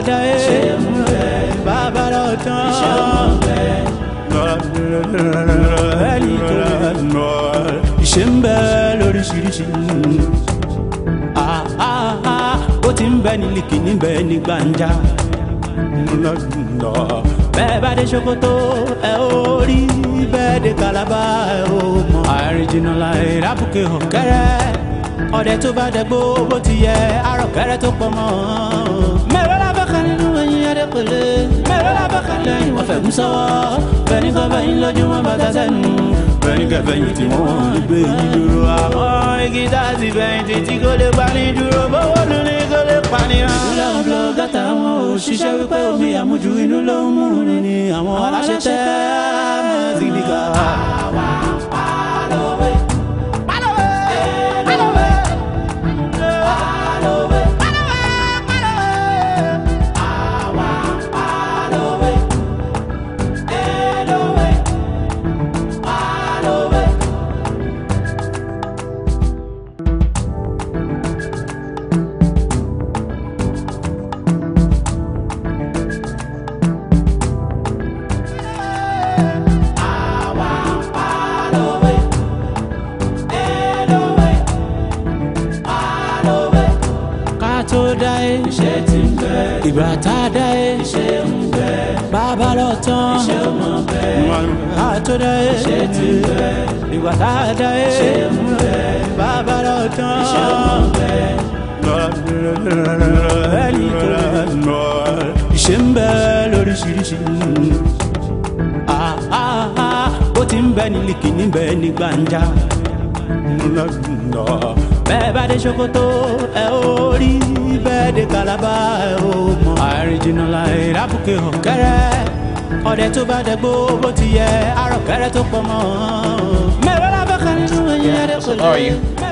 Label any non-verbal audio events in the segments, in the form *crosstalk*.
àdáyé bàbá lọ tán ìṣe ń bẹ lóríṣiríṣi ah, ah, ah. ó ti ń bẹ ní lìkì ní gbàǹjà bẹ́ẹ̀ bá dé ṣòkòtò ẹ ó rí bẹ́ẹ̀ dé kalaba ẹ ó mọ àìrìnjìnà láì rábùkẹ́ ọ̀kẹ́rẹ́ ọdẹ tó bá dẹgbó bó ti yẹ àròkẹ́rẹ́ tó pọ̀ mọ́ mẹ́rẹ́lá kele mẹ́rẹ́ la bá kálẹ̀ yín wọ́n fẹ́ mú sọ́wọ́ bẹ́ẹ̀ni kan fẹ́yìn lójú wọn bá dáṣẹ́ nù bẹ́ẹ̀ni kan fẹ́yìn tí wọ́n wọ́n lè gbé yín dúró àmọ́ igi dáàsì fẹ́yìn títí kò lè pani dúró bówó dùn ní kò lè pani hàn. ìlú àwọn blọ gàtà wọn ò ṣiṣẹ́ wípé omi àmujù inú ló ń mú ni àwọn aláṣẹ tẹ́ mọ́ sí ní tó dá ẹ iṣẹ́ ti ń bẹ ìgbà tá a dá ẹ iṣẹ́ ń bẹ bàbá lọ tán iṣẹ́ mọ̀ bẹ́ẹ̀ a tó dá ẹ iṣẹ́ ti ń bẹ ìgbà tá a dá ẹ iṣẹ́ ń bẹ bàbá lọ tán iṣẹ́ mọ̀ bẹ́ẹ̀ ẹni tó lọ iṣẹ́ ń bẹ lóríṣiríṣi ah, ah, ah. ó ti ń bẹ ní lìkì níbẹ̀ ní gbàǹjà lọ́nà. bẹ́ẹ̀ bá dé ṣòkòtò ẹ ó rí bẹ́ẹ̀ dé kalaba ẹ ó mọ̀. àìrìnjìnà la ìrábùkẹ́ ọ̀kẹ́rẹ́ ọ̀dẹ tó bá dẹ̀gbó bó ti yẹ àròkẹ́rẹ́ tó pọ̀ mọ́. mẹ́rẹ́lá bá kan nínú ẹ̀yìn adé kò lè.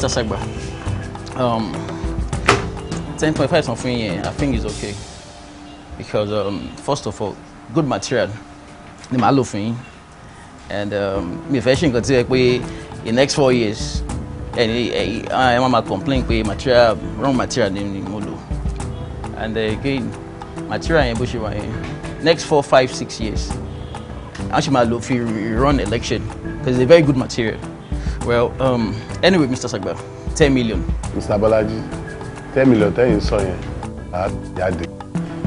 Mr. Sagba, um, 10.5 something here, I think is okay. Because, um, first of all, good material the màá lò and um, mi fẹ́ ṣe nǹkan tí ẹ in next four years and I am ma complain pé material wrong material ni mo lò and again material in bushiwa. next four five six years a ṣe máa lò run election because it's a very good material. Well, um, anyway, Mr. Sagba, ten million. Mr. Balaji, ten million in sọ yẹn I jáde.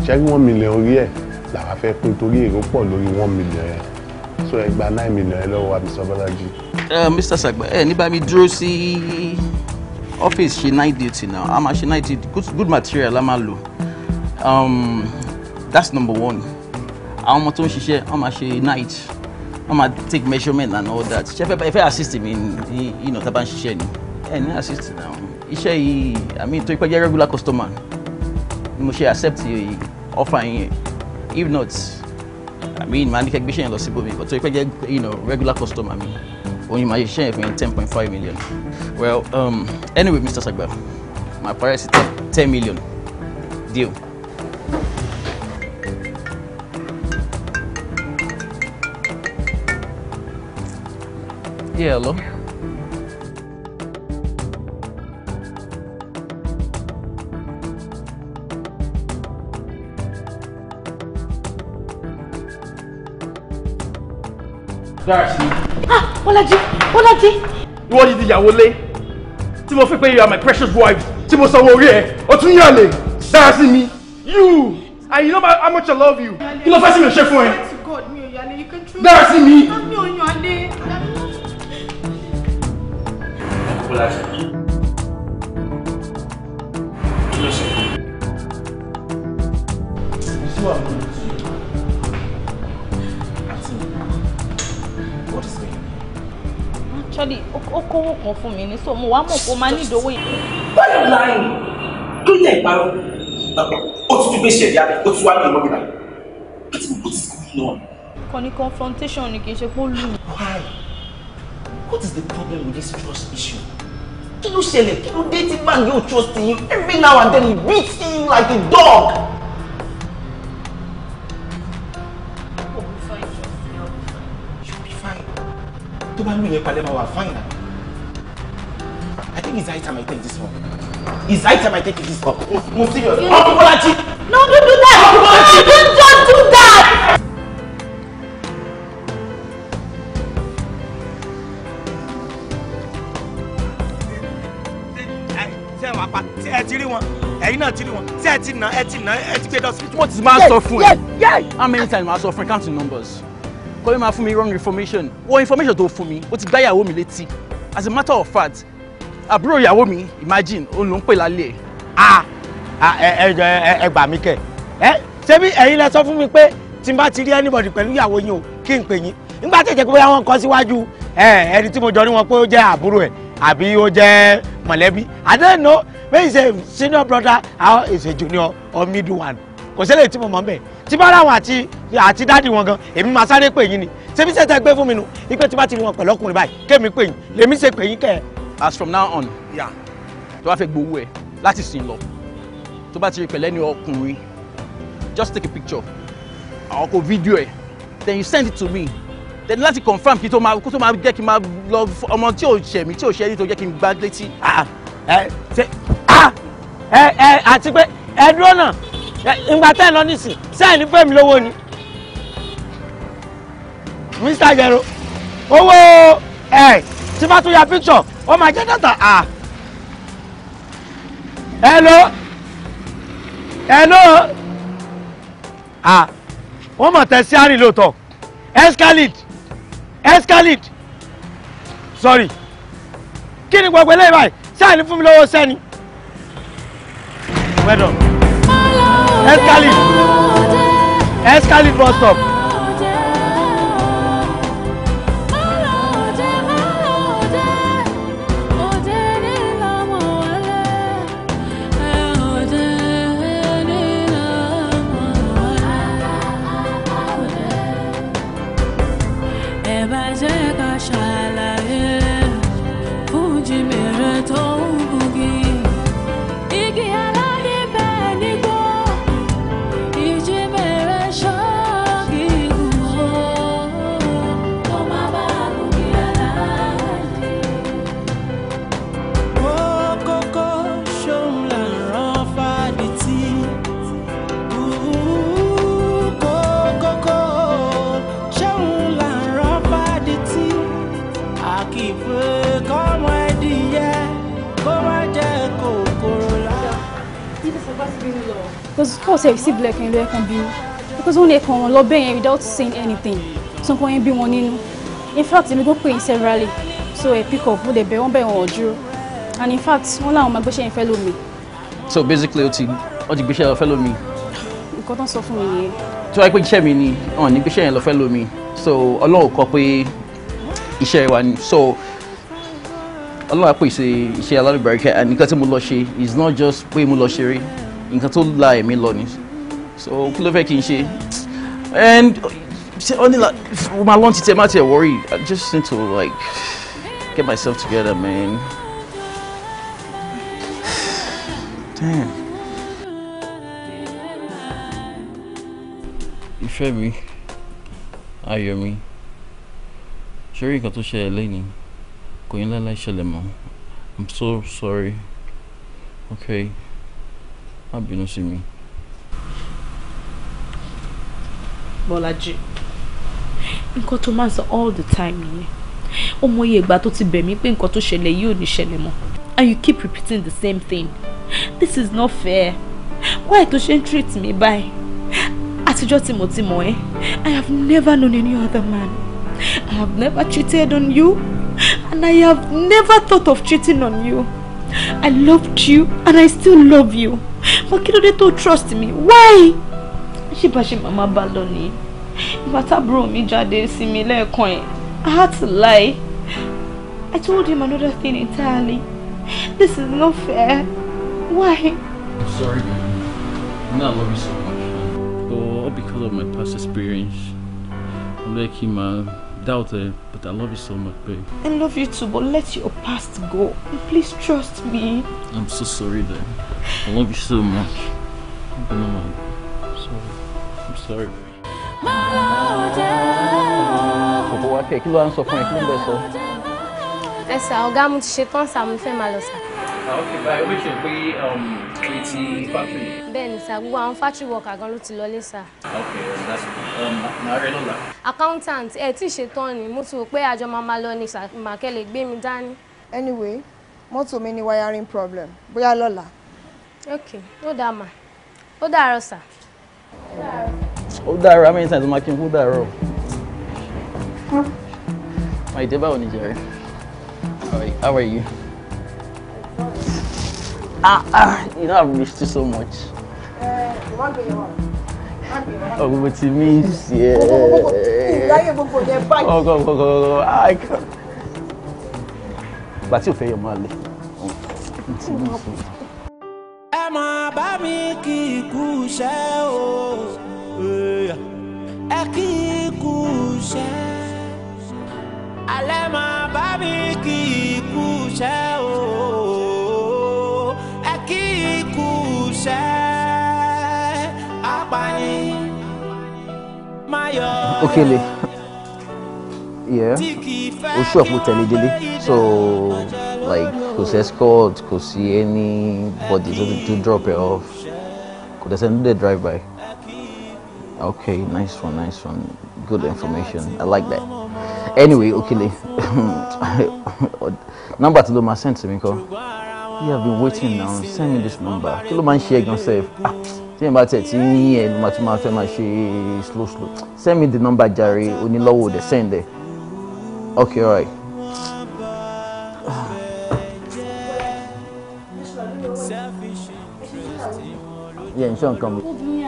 Check one million orí ẹ̀ làwa fẹ́ pín torí èrò pọ̀ one million yẹn. So ẹ gba nine million ẹ lọ́wọ́ wa Mr. Balaji. Uh, Mr. Sagba, eh, ní bá mi dúró sí ọ́fíìsì ṣe night duty now. A she ṣe night duty. Good, good material la máa lò. Um, that's number one. Àwọn ọmọ tó ń ṣiṣẹ́ wọ́n máa ṣe night wọ́n take measurement and all that ṣe fẹ́ assist him, ní ìnà tá a bá ń ṣiṣẹ́ ni ẹ ní assist náà iṣẹ́ yìí àmì tó ipẹ́ jẹ́ regular customer ni mo ṣe accept offer yẹn if not àmì màá ní kẹ́ gbéṣẹ́ yẹn lọ síbò mi tó ipẹ́ jẹ́ regular customer mi oyin màá ṣiṣẹ́ yẹn fún ten point five million well um, anyway Mr. Sagba my price is ten million deal. hielo. Darcy. Ah, Bọ́lájí, Bọ́lájí. Ìwọ ni ìyàwó lé tí mo fi pé you are my precious wife tí mo sanwó orí ẹ̀ o tún yàn lè Darcy mi. You and you know how much I love you. Kí ló fẹ́ sí mi ṣe fún ẹ? Darcy mi. Ah, mi ò yàn lé. láti. kí ló ṣe. mo tún wà what is it. actually ó kówó kan fún mi ní so mo wá mọ̀ kó máa ní ìdówó yìí. báyọ̀ láyìn kí lè parọ́ ó ti tún gbé ṣẹ̀dá ó ti wá ní ìmọ̀ kí ti mo ti kú náà kan ní confrontation ni kì í ṣe pé ó lù mí. why what is the problem with this trust issue. Can you ṣẹlẹ̀ kí you dé tí man you trust you every now and then he beats you like a dog. tó bá ń lóye palẹ̀ máa wà fine na I think it's high time I take this one it's high time I take this one mo serious no, no, no no, no, no, no, no, no, no, no ti rí wọn ẹ̀yin náà ti rí wọn ṣé ẹ ti nà ẹ ti nà ẹ ti gbé dọ́sí. wọ́n ti máa sọ fún ẹ how many times máa sọ fún ẹ counting numbers kọ́lé máa fún mi wrong information wọ́n information tó fún mi ó ti gbá ìyàwó mi létí as a matter of fact àbúrò ìyàwó mi imagine òun ló ń pè lálẹ́ ẹ̀. ẹ ẹ ẹ gbà mí kẹ ẹ ṣebí ẹ̀yin lẹ sọ fún mi pé tí n bá ti rí anybody pẹ̀lú ìyàwó yín o kí n pè yín nígbà tí ìjẹ́ pé bóyá wọ́n kọ́ síwájú ẹni tí mo jọ ní wọn pé ó jẹ́ àbúrò ẹ̀ àbí ó jẹ́ mọ̀lẹ́bí I don't know when he's a senior brother or he's a junior or middle one kò ṣẹlẹ̀ tí mo mọ̀ bẹ́ẹ̀ tí bá ráwọn àti àti dáàdì wọn gan èmi máa sáré pè yín ni ṣebí ṣe tẹ gbé fún mi nu ipe tí bá ti rí wọn pẹ̀lú ọkùnrin báyìí kémi pè yín lèmi ṣe pè yín kẹ́ as from now on ya tó bá fẹ́ gbowó ẹ láti sìn lọ tó bá ti rí pẹ̀lẹ́ ni ọkùnrin just take a picture àwọn kò fídíò ẹ then you send it to me tẹni láti confam kí tó máa kó tó máa jẹ́ kí n máa lọ ọmọ tí ò ṣẹ̀ mí tí ò ṣẹ̀ rí tó jẹ́ kí n gbá létí. Ah, ah, ah, ẹ ẹ àti pé ẹ dúró náà ìgbà tẹ́ ẹ lọ nísìn sẹ́ẹ̀ ní pé lówó ni Mr. Jero owó ẹ tí bá tún ya picture ó máa jẹ́ dọ́tà à. hello hello à wọ́n mọ̀ tẹ́ sí àárín lóòótọ́ escalade escalade sorry kí ni gbogbo eléyìí báyìí sáà ní fún mi lọ́wọ́ sẹ́ni well done escalade escalade bus stop. flexible kan ló yẹ kan bínú because wọ́n lè kàn wọ́n lọ bẹ́ẹ̀ without saying anything so nǹkan yẹn bí wọn nínú in fact èmi gan pè yín severally so I pick up mo dẹ̀ bẹ̀ wọ́n bẹ̀ wọ́n dúró and in fact wọ́n láwọn máa gbéṣẹ́ yẹn fẹ́ lómi. so basically o ti o ti gbéṣẹ́ lọ fẹ́ lómi. nǹkan tó ń sọ fún mi nìyẹn. tí wọ́n á pé iṣẹ́ mi ni ọ̀n ní gbéṣẹ́ yẹn lọ fẹ́ lómi so ọlọ́run kọ pé iṣẹ́ wa ni so ọlọ́run á pèsè iṣẹ́ alárìbáríkà and nǹkan tí mo lọ ṣe not just pé mo nǹkan tó la ẹ̀mí lọ ni so kí ló fẹ́ kí n ṣe and ṣe ọ ní la mo máa lọ́n ti tẹ má tiẹ̀ worry I just need to like get myself together man. Damn. Ìfẹ́ mi, ayọ̀ mi, ṣé rí nǹkan tó ṣẹlẹ̀ lẹ́yìn? Kò yín láláì ṣẹlẹ̀ mọ́. I'm so sorry. Okay má bínú sí mi. Bọ́lájí nǹkan tó máa ń sọ all the time nìyẹn ó mọyì ìgbà tó ti bẹ̀ mí pé nǹkan tó ṣẹlẹ̀ yìí ò ní ṣẹlẹ̀ mọ́ and you keep repeating the same thing this is not fair why tó ṣe ń treat me báyìí àtijọ́ tí mo ti mọ̀ ẹ́ I have never known any other man I have never cheated on you and I have never thought of cheating on you I loved you and I still love you bọ́ kí ló tó trust me why ṣé bá ṣe màmá bá lọ ni ìbátábúrò mi jáde sí mi lẹ́ẹ̀kan ẹ̀ I had to lie I told him another thing entirely this is not fair why. I'm sorry man. I love you so much but all because of my past experience I'm like him. Uh, doubt, eh, but I love you so much, babe. I love you too, but let your past go. Please trust me. I'm so sorry, babe. I love you so much. I know, man. I'm sorry. I'm sorry, babe. Ọ̀pọ̀ wa kẹ̀ kí ló wá factory ti factory. bẹ́ẹ̀ni sá gbogbo àwọn factory worker gan ló ti lọlé sá. ok that's um, màá rẹ lọ́la. accountant ẹ tí ì ṣetán ni mo ti rò pé àjọ máa máa lọ ni màkẹ́ lè gbé mi dání. anyway mọ́tò mi ní wiring problem bóyá lọ́la. ok ó dáa mà ó dàárọ̀ sá. ó dàárọ̀ how many times ma kí n kú dàárọ̀. máa ìdẹ́bà ò ní jẹ́rẹ́. How are you? Ah, ah, you know I've missed you so much. Uh, eh, what oh, do you want? Ọgbogbo ti mí ṣe ẹ́. Ìgbáyé gbogbo yẹn báyìí. Ọgọ ọgọ ọgọ àìkọ́. Ìgbà tí ò fẹ́ yẹ máa lé. Ẹ máa bá mi kí ikú Okele yeah o ṣù ọ̀pọ̀ tẹ̀lé délé so like kò sí escort kò sí anybody to tó drop it off kò dẹ̀ sẹ́ni dé drive by okay nice one nice one good information I like that anyway Okele *laughs* number tí ló máa send to mi kọ́ you have been waiting now send me this number kí ló máa ń ṣe é gan sef ah tí yẹn bá tẹ̀ tí ń yín ẹnu máa tún máa fẹ́ máa ṣe slow slow send me the number jare onílọ́wọ́ dẹ̀ send ẹ̀ okay right. yẹ n sọ nǹkan mi. obìnrin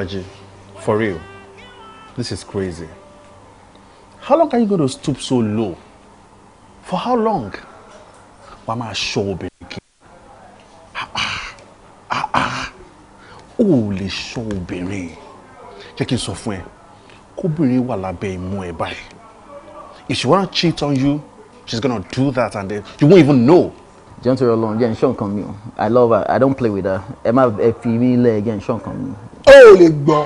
ah, for real this is crazy how long can you go to stoop so low for how long wàá máa ṣọ obìnrin kiri ó ah, ah, ah, lè ṣọ obìnrin jẹ́ kí n sọ fún ẹ kóbìnrin wà lábẹ́ imú ẹ báyìí if she wanna cheat on you she's gonna do that and then you won't even know. jẹ́ǹtì rẹ̀ lọ́n jẹ́ ǹṣọ́ nǹkan mi o i love her i don't play with her ẹ má ẹ fi mí lẹ̀ jẹ́ ǹṣọ́ nǹkan mi. ó lè gbọ́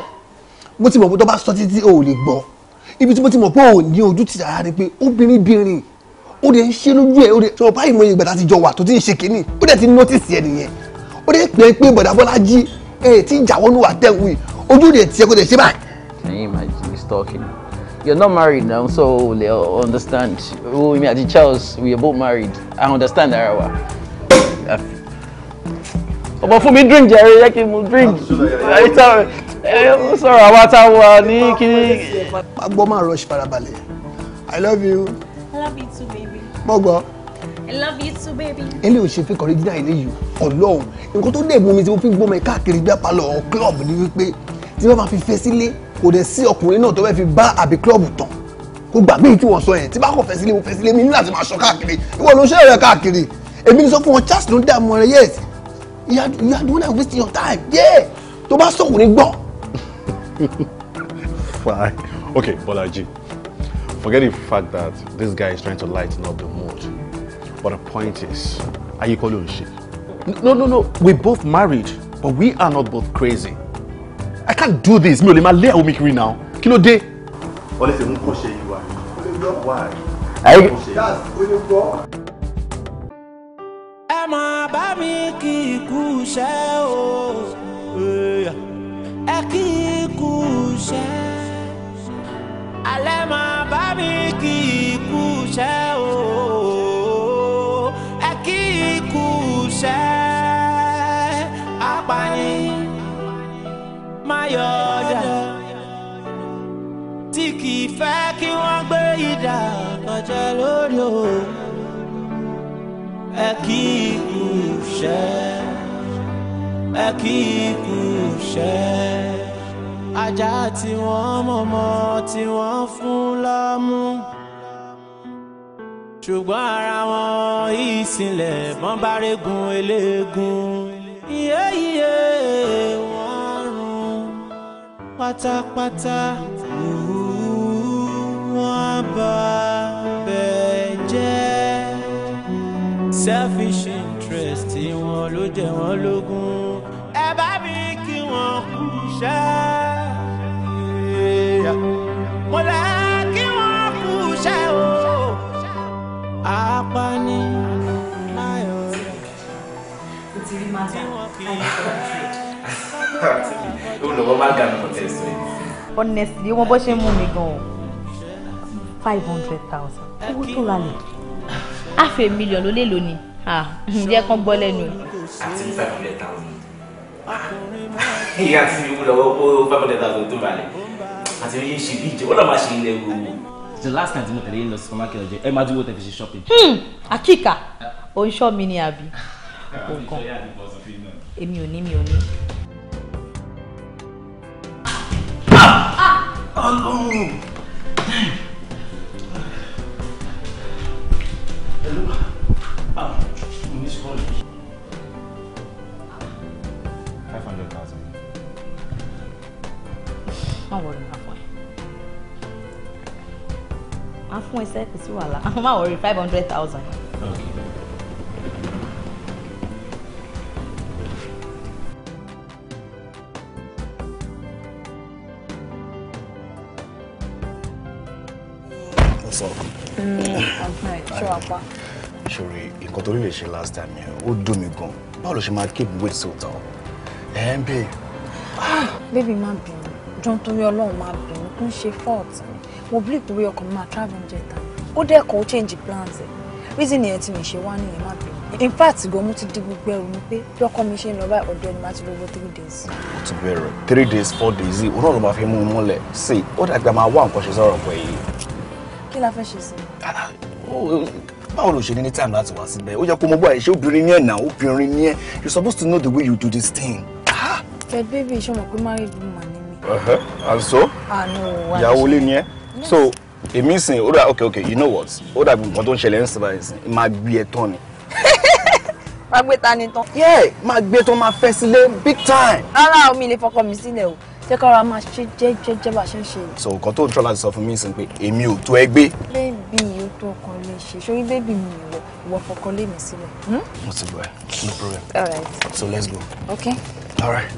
mo ti mọ̀ pé tó bá sọ títí ó lè gbọ́ ibi tí mo ti mọ̀ pé òun ní ojú ti rárá ni pé obìnrin bìnrin ó dẹ̀ ṣe lójú ẹ̀ ó dẹ̀ sọ̀rọ̀ báyìí mo yẹ gbàdá ti jọ wà tó ti ń ṣe kínní ó dẹ̀ ti nọ́tìsì ẹ̀ nìyẹn ó dẹ̀ pè é pé bọ̀dà Bọ́lájí ẹ̀ ti ń jàwọ́ nù ojú rẹ̀ tiẹ̀ kó dẹ̀ ṣe báyìí. can you imagine he's talking you're not married now so le uh, understand oh me àti Charles we are both married I understand ara wa. ọmọ fún mi drink jẹrẹ yẹ kí mo drink sọ̀rọ̀ àwa tá a wà ní kíní. má máa rush farabalẹ̀ I love you. I love you too baby gbọ́gbọ́. I love you too baby. ilé ò ṣe fi kọrin dídá ilé yìí ọlọ́run nǹkan tó dẹ̀ mú mi tí mo fi ń gbọ́mọ káàkiri bí apalọ̀ club ni wípé tí wọ́n bá fi fẹ́ sílé kò dẹ̀ sí ọkùnrin náà tó fẹ́ fi bá àbí club tán kò gbà bí tí wọ́n sọ yẹn tí bá kò fẹ́ sílé mo fẹ́ sílé mi ní láti máa sọ káàkiri ìwọ ló ń ṣe rẹ káàkiri èmi ni sọ fún wọn Charles ló ń dààmú rẹ yes you are you are the one that waste your time yeah tó bá sọkùnrin gbọ́. *laughs* fine okay Bọ́lájí. Forget the fact that this guy is trying to lighten up the mood. But the point is, are you calling shit? No, no, no. We both married, but we are not both crazy. I can't do this. Mi ò lè máa lé àwọn now. Kilo ló dé? Wọ́n lè ṣe mú kó ṣe Why? Ayé. That's onígbọ́. Ẹ alẹ́ máa bá mi kí ikú ṣẹ́ o ẹ kí ikú ṣẹ́ apààyàn máyọ̀ ọjà tí kì í fẹ́ kí wọ́n gbé ìdá kọjá lórí o ẹ kí ikú ṣẹ́ ẹ kí ikú ṣẹ́ ajá tí wọ́n mọ̀mọ́ tí wọ́n fún lọ́mú ṣùgbọ́n ara wọn ìsìnlẹ̀ wọ́n bá régun eléegun iye wọ́n run pátápátá ìhù wọ́n bá bẹ́ẹ̀ jẹ́ selfish interest wọn ló jẹ wọn lógún ẹ bá mi kí wọn kú iṣẹ́. ṣe o apani ayọ̀ tí wọ́n fi fẹ́. olùwọ́ bá ga nǹkan tẹ̀sán yìí. honestly wọn bó ṣe ń mú mi gan-an five hundred thousand owó tó ra lẹ̀. half a million ló lè lò ní ǹjẹ́ kán gbọ́ lẹ́nu ẹ̀. àti five hundred thousand ìyá àti ìwúlọ́wọ́ five hundred thousand tó balẹ̀ àti ìyẹn ṣe bí ìjẹ́ wọ́n náà máa ṣe ilẹ̀ gbogbo the last time tí mo tẹ̀lé yín lọ sí supermarket ọjọ́ ẹ máa dúró tẹ̀ fi ṣe shopping. Hmm, akíkà ò ń mi ní *laughs* àbí nǹkan èmi ò ní mi ò ní. ọlọ́run. Ah, Five a ah, fún ẹsẹ kò sí wàhálà a ah, máa wọrí five hundred thousand. ṣòro nǹkan tó lè ṣe last time yẹn ó dùn mí gan báwo ló ṣe máa keep weight so tán ẹ ń bè. Ah, baby. má bínú jọ́n torí ọlọ́run má bínú kó ń ṣe fọ́ọ̀tì mo believe pé ọkàn mi máa travel ń jẹta ó dẹ́kọ̀ change plans ẹ̀ reason yẹn tí mi ṣe wá nìyẹn má bẹ̀rẹ̀ in fact gan mo ti di gbogbo ẹrù mi pé lọ́kọ mi ṣe ń lọ báyìí ọ̀dọ̀ ẹni máa ti lọ́wọ́ three days. mo ti bẹ̀rẹ̀ three days four days yìí òun náà ló máa fi mú un mọ́lẹ̀ sí i ó dàgbà máa wá nǹkan ṣe sọ̀rọ̀ pẹ̀ yìí. kí la fẹ́ ṣe sí i ah, báwo ló ṣe ní ní time láti wá síbẹ̀ ó yẹ kó mọ bọ́ ẹ̀ ṣé obìnrin ní ẹ̀ náà obìnrin ní ẹ̀ you supposed to know the way you do this thing. ẹ bébí iṣẹ́ mọ̀ pé married woman ni mi. and so. àánú wa ṣe ìyàwó lé ní ẹ so èmi sìn ó dà Okay, okay. you know what ó dà bí nǹkan tó ń ṣẹlẹ̀ ń sìn báyìí sìn máa gbé ẹ tán ni. *laughs* máa gbé ta ni tán. yeah máa gbé tán máa fẹ́ sílé big time. rárá omi lè fọkàn mi sílẹ̀ o jẹ́ kára máa ṣe jẹ́jẹ́jẹ́ bá ṣe ń ṣe. so nǹkan tó ń tọ́ láti sọ fún mi sìn pé èmi ò tó ẹ gbé. bébì yóò tó ọkàn lè ṣe sórí bébì mi ìwọ ìwọ fọkàn lé mi sílẹ̀. Hmm? mo ti gbọ́ ẹ no problem. all right. so let's go. okay. all right.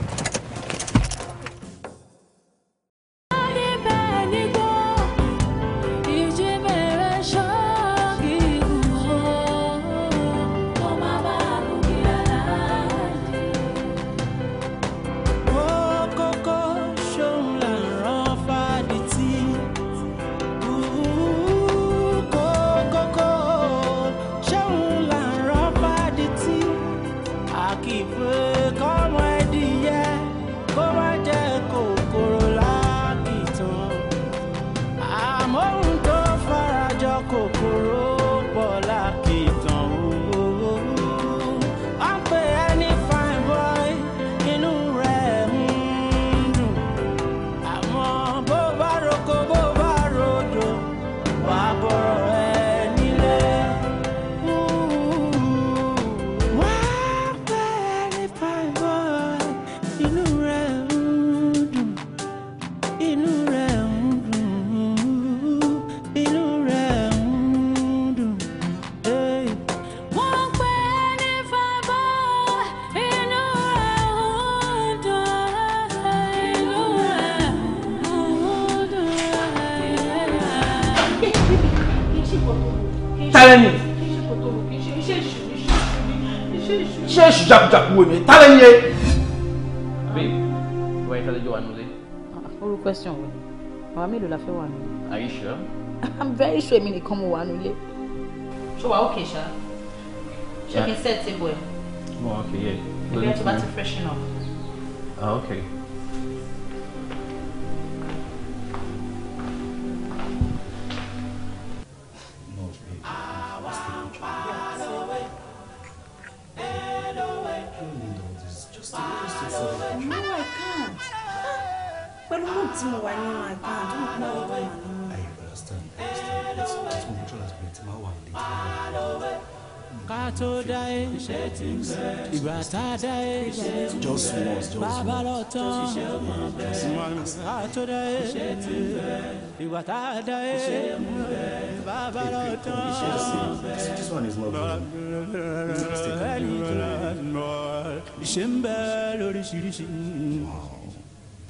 oríṣiríṣi jagunjagun wo ni tálẹ̀ yẹ. babe ìwà ìṣẹ̀lẹ̀ jọ wà nulẹ̀. oru question wo ni àwa mélòó la fẹ́ wà are you sure. *laughs* i'm very sure èmi nìkan mo wà nulẹ̀. ṣé wàá okay ṣá ṣé kí set table ẹ. mo wà okay yẹ. ìgbẹ́ tó bá ti freshen up. ah okay. bàbá tó dá ẹ ìgbà tá a dá ẹ bàbá lọ tán bàbá tó dá ẹ ìgbà tá a bẹ lóríṣiríṣi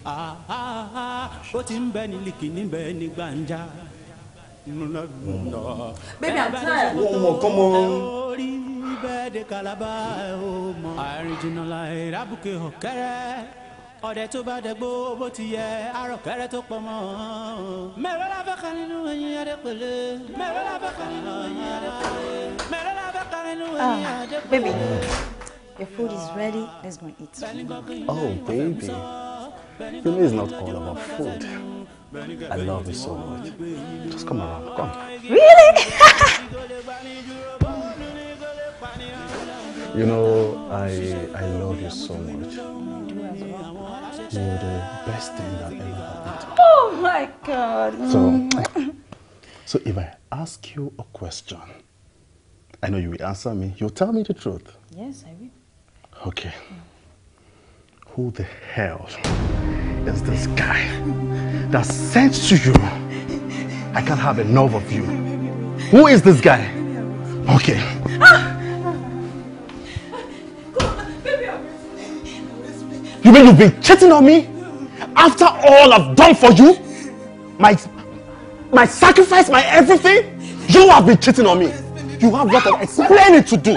ah, ah, ah. ó ti ń bẹ ní lìkìní bẹ ní gbàǹjà. Baby, I'm tired. more, come bẹ́ẹ̀ kalaba ò mọ̀. àìrìnjìnà láì rábùkẹ́ ọ̀kẹ́rẹ́ ọ̀dẹ tó bá dẹ̀gbó bó ti yẹ arọ̀kẹ́rẹ́ tó pọ̀ mọ́. mẹ́rọ la fẹ́ ka nínú ẹyin adékòlé. mẹ́rọ la fẹ́ ka nínú ẹyin adékòlé. mẹ́rọ la fẹ́ ka nínú ẹyin ah, adékòlé. baby your food is ready let's go eat. oh baby baby is not all about food. I love you so much. Just come around, come. Really? *laughs* You know, I I love you so much. You're the best thing that ever happened. Oh my God. So, so if I ask you a question, I know you will answer me. You'll tell me the truth. Yes, I will. Okay. Who the hell is this guy that sent to you? I can't have enough of you. Who is this guy? Okay. Ah! You mean you've been cheating on me? After all I've done for you? My, my sacrifice, my everything? You have been cheating on me. You have lot of explaining to do.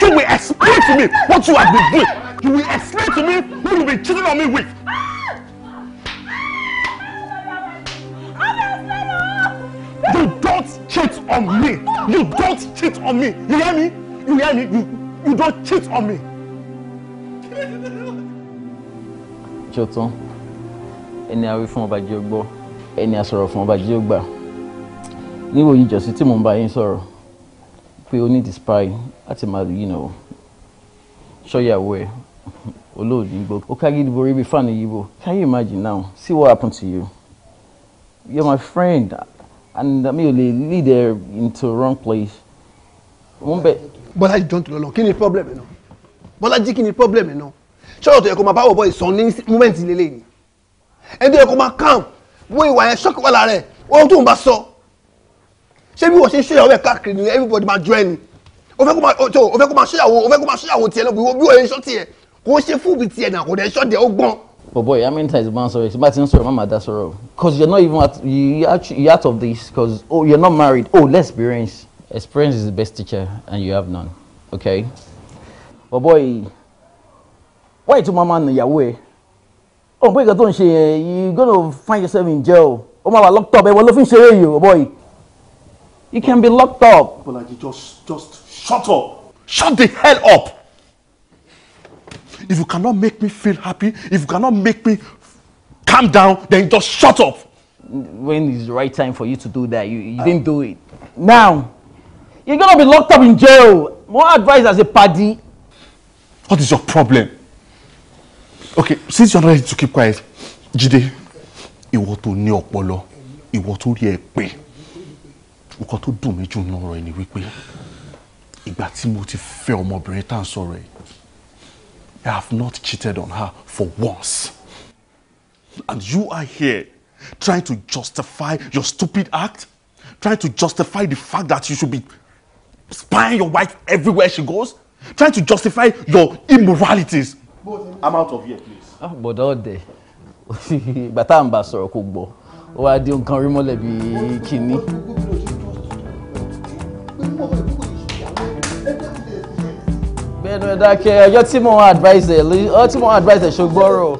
You will explain to me what you have been doing. You will explain to me who you've been cheating on me with. You don't cheat on me. You don't cheat on me. You hear me? You hear me? You, you don't cheat on me kí ó tán ẹni a wí fún ọba jí ó gbọ́ ẹni a sọ̀rọ̀ fún ọba jí ó gbà níwò yìí jọ̀sí tí mò ń bá yín sọ̀rọ̀ pé ó ní the spy láti máa yìí nà ó ṣọ́yàwó olóòdì gbọ́ ó ká gidi borí bí fáànù yìí bò can you imagine now see what happen to you you're my friend and mi ò lè lead her into wrong place. wọ́n bẹ̀. Bọ́lájí jọ́ ń tún kí ni problem ẹ̀ náà Bọ́lájí kí ni problem ẹ̀ náà ṣọ́ọ̀rọ̀ tó yẹ kó máa bá wọ̀ bọ́ ìsàn ní moment lélẹ̀ ni ẹni tó yẹ kó máa calm wọ́n ìwà yẹn ṣọ́ọ̀kì wà lára ẹ̀ ohun tó ń bá sọ ṣé bí wọ́n ṣe ń ṣèyàwó ẹ̀ káàkiri ni everybody máa jọ ẹ ni o fẹ́ kó máa ṣèyàwó o fẹ́ kó máa ṣèyàwó tiẹ̀ náà bí wọ́n yẹn tiẹ̀ kó ṣe fún ibi tiẹ̀ náà kò dẹ̀ ṣọ́ dẹ̀ ó gbọ́n. but boy how many times you man sorry ṣe bá ti ń sọ̀rọ̀ mama da sọ̀rọ̀ cause you're not even at you actually you out of this cause oh you're not married oh let's experience experience is the best teacher and you have none okay but boy why tí màmá nà ìyàwó ẹ ò ń pè nǹkan tó ń ṣe yẹn you gonna find yourself in jail ó máa wà locked up ẹ wọ́n ló fi ń ṣeré yìí ò oh, bọ́ you can be locked up. Bolaji just just shut up shut the hell up if you cannot make me feel happy if you cannot make me calm down then just shut up. when is the right time for you to do that you, you um, didn't do it now you're gonna be locked up in jail more advice as a paddy. what is your problem okay since you are ready to keep quiet Jide, ìwọ tó ní ọpọlọ ìwọ tó rí ẹ pé nǹkan tó dùn mí jù náà ọ̀rọ̀ ẹni wípé ìgbà tí mo ti fẹ́ ọmọbìnrin tá à ń sọ̀rọ̀ ẹ̀ I have not cheated on her for once and you are here trying to justify your stupid act trying to justify the fact that you should be spying your wife everywhere she goes trying to justify your immoralities I'm out of here please. àbọ̀dọ̀ ah, ọ̀dẹ̀ *laughs* ìgbà tá à ń bá sọ̀rọ̀ kò gbọ́ ó wá di nǹkan rí mọ́lẹ̀ bíi kínní. bẹ́ẹ̀ ni ẹ dákẹ́ ọjọ́ tí mo advice ẹ̀ ṣùgbọ́n rò.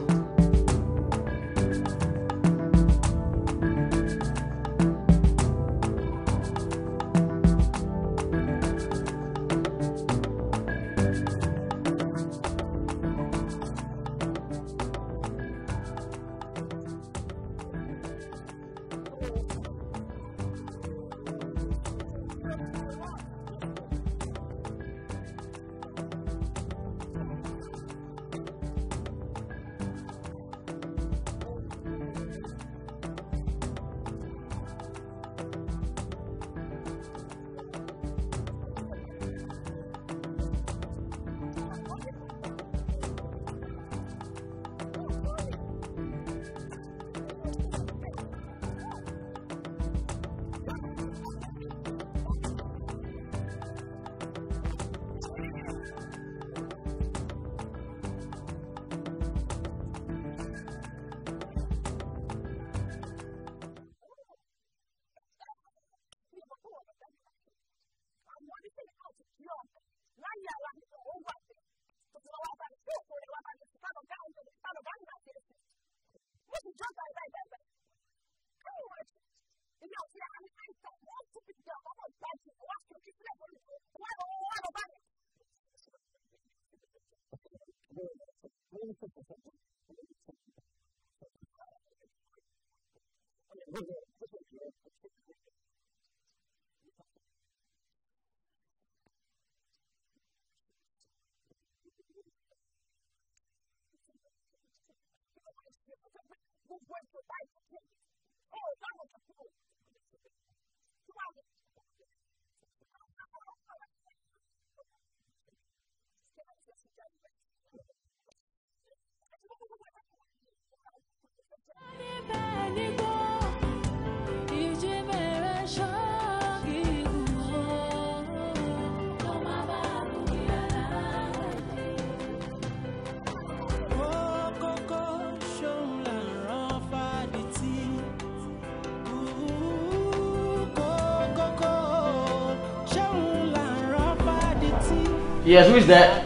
Yes, who is that?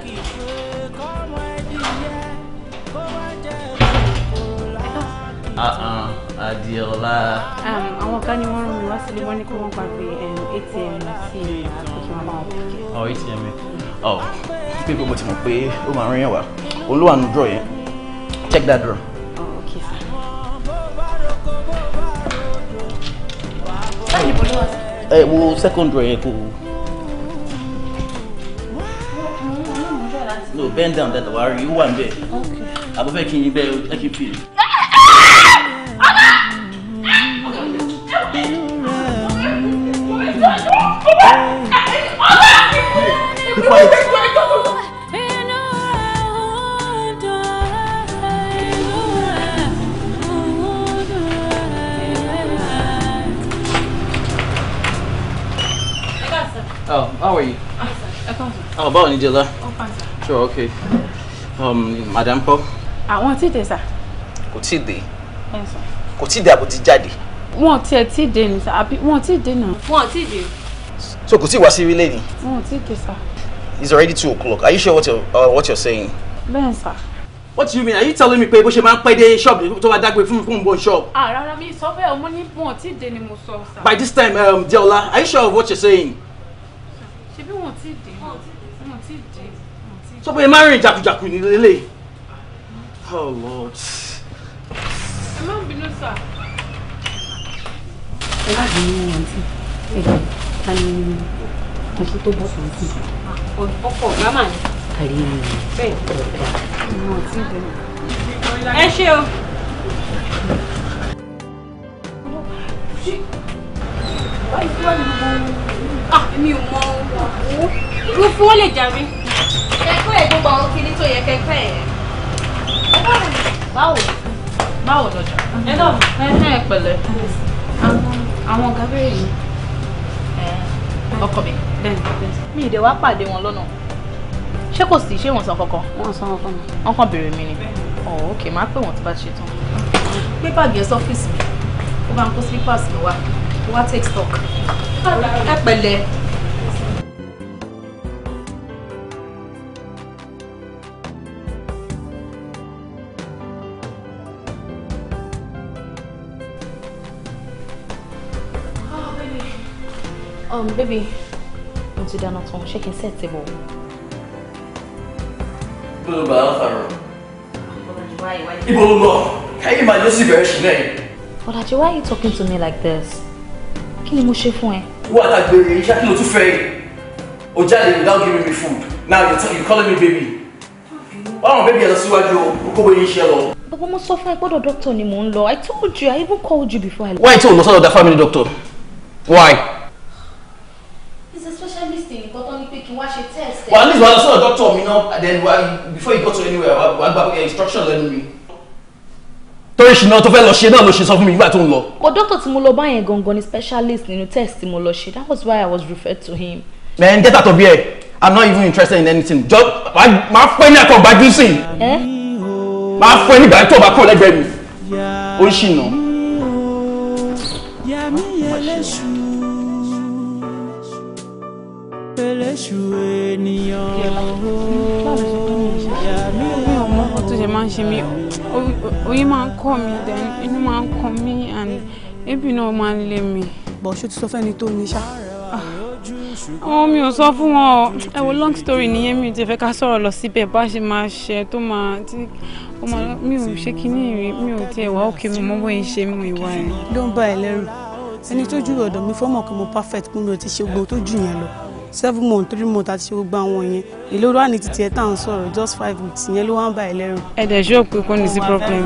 Uh-uh, Adiola. Um, àwọn kan ni wọ́n rán mi wá sílé wọ́n ní kí wọ́n pàgbé ATM um, sí àkókò màmá wọn. ATM ẹ̀. Ọ̀ pé gbogbo ti Oh, pé ó máa ń rí yàn wá. Òun ló drawer Check that drawer. Oh, okay sir. Báyìí bolo wá sí. second drawer yẹn bend down dada wa rí wà nbẹ àbọ̀ fẹ́ kí n bẹ ẹ kí n fi. Be quiet. Oh, how are you? Oh, báwo ni Jọlá? sure okay um, madam kọ́. àwọn tí dé sir. kò tí dé kò tí dé àbò ti jáde. wọn tiẹ̀ tí dé ni sà àbí wọn tí dé náà. wọn tí dé. so kò tí wá sí ilé ni. wọn tí dé sà. it's already two o'clock are you sure what you're, uh, what you're saying. bẹ́ẹ̀ sà. What do you mean? Are you telling me pé bó ṣe máa ń pẹ́ dé ṣọ́ọ̀bù tó máa dágbé fún fún bó ṣọ́ọ̀bù? Ah rárá mi sọ bẹ́ẹ̀ mo ní wọn tí dé ni mo sọ sà. By this time, um, Deola, are you sure of what you're saying? Ṣebí wọn tí dé sọ pé má rìn jàkújàkù ní lélẹ̀ oh lord. ẹ má bínú sà. ẹ bá bínú àǹtí ẹ jẹ ta ni ọkọ tó bọ fún mi. ọkọ ọgá mà ní. kàrí mi bẹ́ẹ̀ ọgá. ẹ ṣé o. báyìí tí wàá ní gbogbo. ah mi ò mọ owó. irú fún wọn lè jàre ẹ̀kọ́ ẹ̀ gbogbo àwọn kinní tó yẹ kẹ́kọ́ ẹ̀. báwo báwo lọ́jà ẹ náà ẹ ẹ pẹ̀lẹ́ àwọn ọ̀gá bẹ́ẹ̀ yìí ọkọ mi mi ì dẹ̀ wá pàdé wọn lọ́nà ṣé kò sí ṣé wọ́n san kankan. wọ́n san kankan mi. wọ́n kàn béèrè mi ni ọ̀ oh, ok máa pè wọ́n tó bá ṣe tán. gbé báàgì mi ó bá ń kó slippers mi wá wá take stock. ẹ Um, baby, mo ti dáná tán, ṣé kí n set table? Ibo ló gba aláfàárọ̀? Ibo ló lọ? Káyé máa jẹ́ sí ìbẹ̀rẹ̀ ṣì why are you talking to me like this? Can you move your phone? What are you iṣẹ́ kí ló tún fẹ́ yìí. O without giving me food. Now you're, you're calling me baby. Oh, baby, ẹ̀ lọ síwájú o, kó bóyá iṣẹ́ lọ. Bàbá mo sọ fún ẹ gbọ́dọ̀ dọ́kítọ̀ ni I told you, I even called you before I left. Why tí you not sọ́dọ̀ da family doctor? Why? nǹkan tó ní pé kí wá ṣe test. wà á mi náà then before you go to anywhere wà á gba instruction lẹ́nu mi. torí ṣìnà tó fẹ́ lọ ṣe náà ló ṣe sọ fún mi nígbà tó ń lọ. but doctor tí mo lọ bá yẹn gangan ni specialist nínú test tí mo lọ ṣe that was why i was referred to him. man get out of here i'm not even interested in anything just máa fẹ́ ní akọ̀gbájú sí i eh? máa fẹ́ nígbà tó bá kọ̀ lẹ́gbẹ̀ẹ́ mi ó ń ṣìnà. eléṣù ènìyàn ọmọ ọkọ tó ṣe máa ń ṣe mí oyin máa ń kọ mi then inú máa ń kọ mí and ebi náà máa ń lé mi. bọ̀ ṣó ti sọ fẹ́ni tó ní ṣá. àwọn ah, mi ò sọ fún wọn o ẹ wo long story nìyẹn mi ò ti fẹ́ ká sọ̀rọ̀ lọ síbẹ̀ bá ṣe máa ṣe tó máa tí mi ò ṣe kíní rí mi ò tiẹ̀ wá òkè mi mọ́ bóyá ṣe mi ìwà ẹ̀. ló ń bá ẹ lẹ́rù ẹni tó jù ọ̀dọ̀ mi fọ́mọ̀ kí mo perfect kún mi ò ti ṣe gbogbo tó jù yẹn lọ seven months three months àti ṣe gbogbo àwọn yẹn èló ló wà ní títí ẹ tá à ń sọ̀rọ̀ just five weeks yẹn ló wà ń bà ẹ lẹ́rù. ẹ dẹ̀ ṣé òpin kò ní sí oh, problem.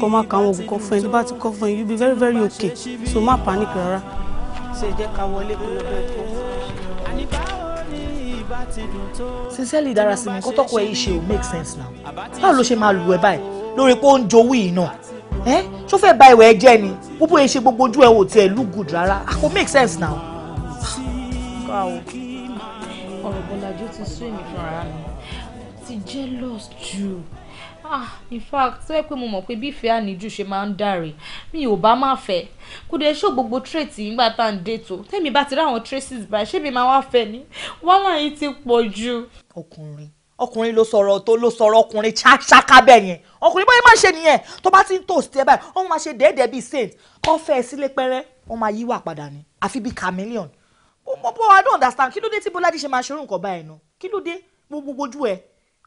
kọ́ máa ka àwọn òògùn kan fún ẹ tó bá ti kọ́ fún ẹ you be very very okay so má panic rárá. ṣe jẹ́ ká wọlé kí ló bẹ́ẹ̀ kó. sincerely dára sí mi kó tọ́kọ ẹ ṣe ò make sense now báwo ló ṣe máa lù ẹ báyìí lórí pé ó ń jowú yìí náà ṣó fẹ́ ba ìwẹ̀ ẹ jẹ́ ni gbogbo ẹ ṣe gbogbo ojú ẹ wò tiẹ̀ look good rárá ah, kò make sense now fà o ọ̀rọ̀ bọ́lájú ti sú èmi fúnra mi ti jealous jù ah in fact tó yẹ pé mo mọ̀ pé bí ìfẹ́ àníjù ṣe máa ń dàrè mi ò bá má fẹ́ kó dé ṣó gbogbo tírètì nígbà tá à ń dètò tẹ́mi bá ti rí àwọn traces báyìí ṣé mi máa wá fẹ́ ni wàhálà yìí ti pọ̀ jù. ọkùnrin ọkùnrin ló sọ̀rọ̀ tó ló sọ̀rọ̀ ọkùnrin ṣáká bẹ́ẹ̀ yẹn ọkùnrin bóyá máa ṣe nìyẹn tó bá ti ń tòsí ẹ báyìí wọ́n máa ṣe dẹ́ẹ̀dẹ́ bíi saint kọ́ fẹ́ ẹ sílé pẹ́rẹ́ wọ́n máa yíwà padà ni àfi bíi chameleon ó mọ I don't understand kí ló dé tí Bọ́ládé ṣe máa ṣerú nǹkan báyìí nu kí ló dé gbogbo ojú ẹ̀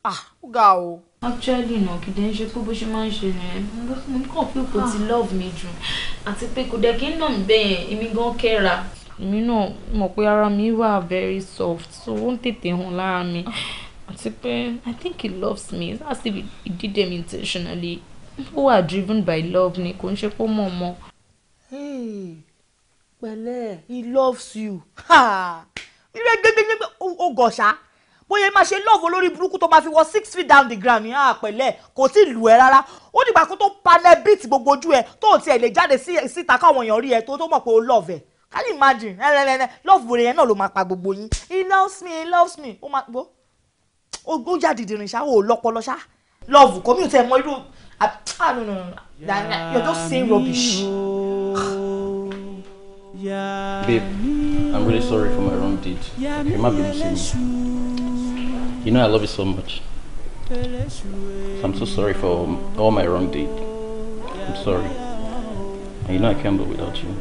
ah, ó ga o. actually nà kìdẹ́ ń ṣe pé bó ṣe máa ń ṣe nìyẹn mo kàn fún kò ah. love mi jù àti pé kò dẹ̀ kí n nà mí bẹ́ẹ̀ èmi gan kẹ́ra èmi náà mọ̀ pé ara mi wà very soft so ó ń tètè hàn lára mi ah. àti pé I think he loves me that's if he did them intentionally people who are driven by love ni kò ń ṣe pé mọ̀ mọ́. Hmm pẹ̀lẹ́ he loves you rírẹ́ gbégbégbé ó gọ̀ ṣá bóyá máa ṣe love olórí burúkú tó máa fi wọ six feet down the ground ní àpẹ̀lẹ́ ah, kò tí ì lù ẹ́ rárá ó dìgbà kó tó panẹ́ bíìtì gbogbo ojú ẹ tó ò tiẹ̀ lè jáde síta káwọn èèyàn rí ẹ tó tó mọ̀ pé ó love ẹ can you imagine ẹlẹ́lẹ́lẹ́ love wèrè yẹn náà ló máa pa gbogbo yín he loves me he loves me ó máa gbó ó jáde dìrìn ṣá ó lọ́pọlọ ṣá love kò mí ò tẹ̀ mọ irú ah no no no you're just saying rubbish. Oh. Babe, I'm really sorry for my wrong deed. Okay, my baby's me. You know I love you so much. So I'm so sorry for all my wrong deed. I'm sorry. And you know I can't do without you.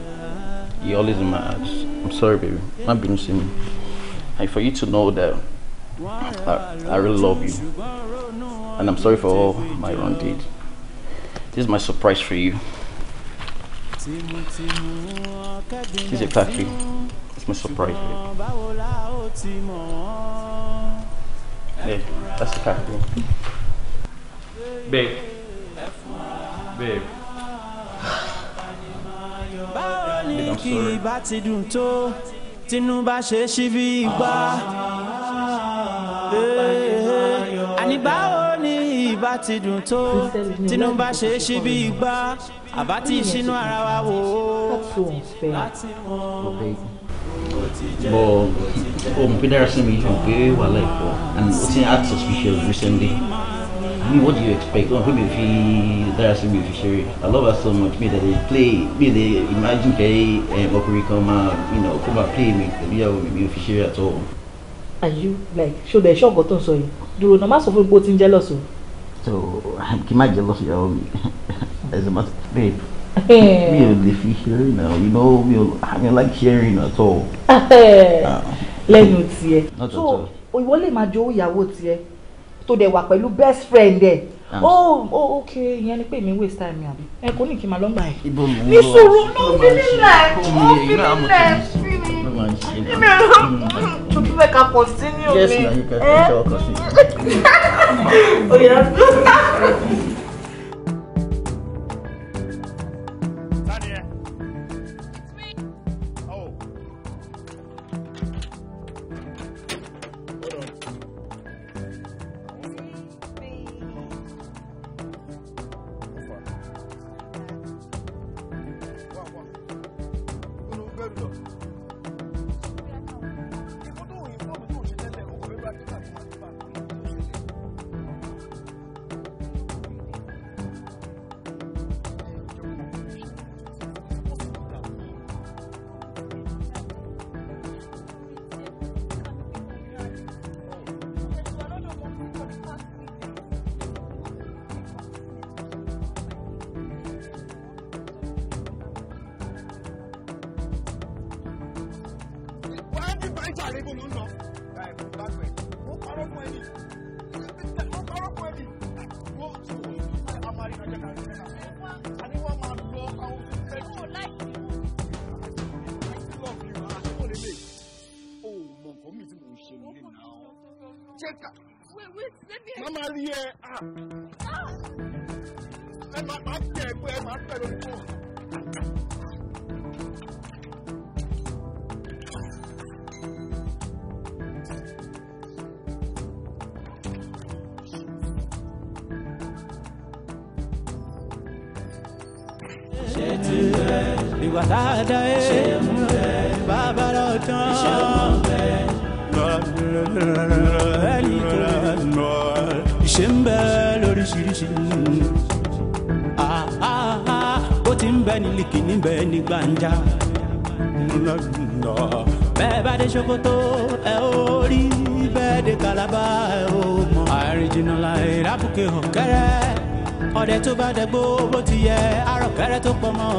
You're always in my eyes. I'm sorry, baby. My baby's me. And for you to know that I, I really love you. And I'm sorry for all my wrong deed. This is my surprise for you. She's a factory. That's my surprise. Babe, that's the factory. Babe. Babe. Báwo ni kì í bá ti dùn tó, tinú ṣe ṣí bí igbá. Àní báwo ni ìbá ti dùn tó, tinú ṣe ṣí bí igbá àbá ti ṣínú ara wa wò ó láti mọ bọ ohun pé dára mi hàn pé wàhálà ìfọ̀ and ó ti ń suspicious recently I mean, what do you expect? Oh, maybe if he that's maybe if he I love her so much. Me that they play, me they imagine they um, operate come out, you know, come and play me. Maybe I will be if he at all. Are you like show the show got on so you do no matter what you jealous of. So I'm jealous of you. As Matter, babe. Hey. *laughs* me only fi sharing now. You know me, I mean like sharing at all. *laughs* Ah. Lẹ́nu tiẹ̀. Not so, we only Ìwọ lè máa jowó ìyàwó tiẹ̀ tó dẹ̀ wà pẹ̀lú best friend ẹ̀. Ah. Oh, oh, okay, You ni pé mi waste time mi àbí. Ẹ kò ní kí n máa lọ́gbà ẹ̀. Ní sùúrù no feeling, mí feeling. You fi mí lẹ̀, fi mí. Èmi ò continue mi. Yes, na you can eh? continue. *laughs* Oya. Oh, sáré jàre bó ló ń lọ. ó parọ́ fún ẹni ó parọ́ fún ẹni ó tún àmàlí náà jẹ́ kàrí mẹ́ta. àníwá máa lọ àwọn olùfẹ́ láìpẹ́. Check out. Wait, wait, let me. Mama, yeah. Ah. sada e baba lọ tán ẹni tó ṣe ń bẹ lóríṣiríṣi ó ti ń bẹ ní lìkìní bẹ ní gbàǹjà bẹ́ẹ̀ bá dé ṣòkòtò ẹ ó rí bẹ́ẹ̀ dé kalaba ẹ ó mọ àìrìnjìnà láì rábùkẹ́ ọ̀kẹ́rẹ́ ọ̀dẹ tó bá dẹ́gbó bó ti yẹ àròkẹ́rẹ́ tó pọ̀ mọ́.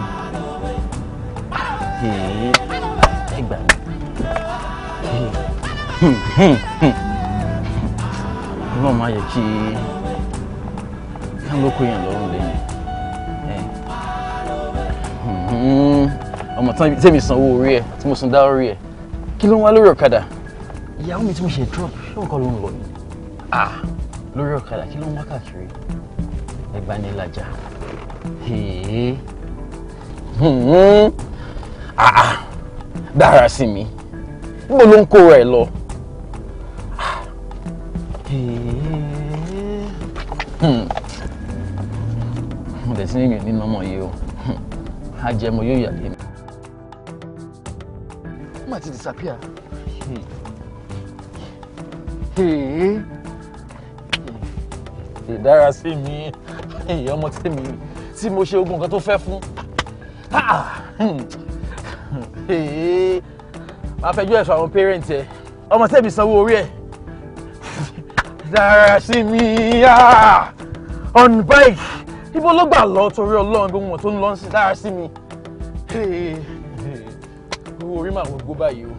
ọlọ́run má yẹ kí kálókò yẹn lọ́rùn lẹ́yìn hmm. ọmọ tẹ́mi sanwó orí ẹ̀ tí mo san dá orí ẹ̀ kí ló ń wá lórí ọ̀kadà ìyàwó mi tí mo ṣe drop ṣé òun kọ́ ló ń lọ ni ah lórí ọ̀kadà kí ló ń wá káàkiri ẹgbàá ní ìlàjà hmm. dára sí mi níbo ló ń kóra ẹ lọ. Hmm. mo tẹ̀sí ní ìyẹn nínú ọmọ yìí o á jẹ́ mo yóò yàlé mi. má ti disappear. ìdára sí mi èèyàn ọmọ tèmi tí mo ṣe ogun nǹkan tó fẹ́ fún hmm. máa fẹjọ́ ẹ̀sùn àwọn pẹ́rẹ́ǹtì ẹ̀ ọmọ tèmi sanwó orí ẹ̀ dára sí mi on bike ibo ló gbà lọ torí ọlọ́run gbogbo wọn tó ń lọ sí dára sí mi owó orí màá wọgbó báyìí o.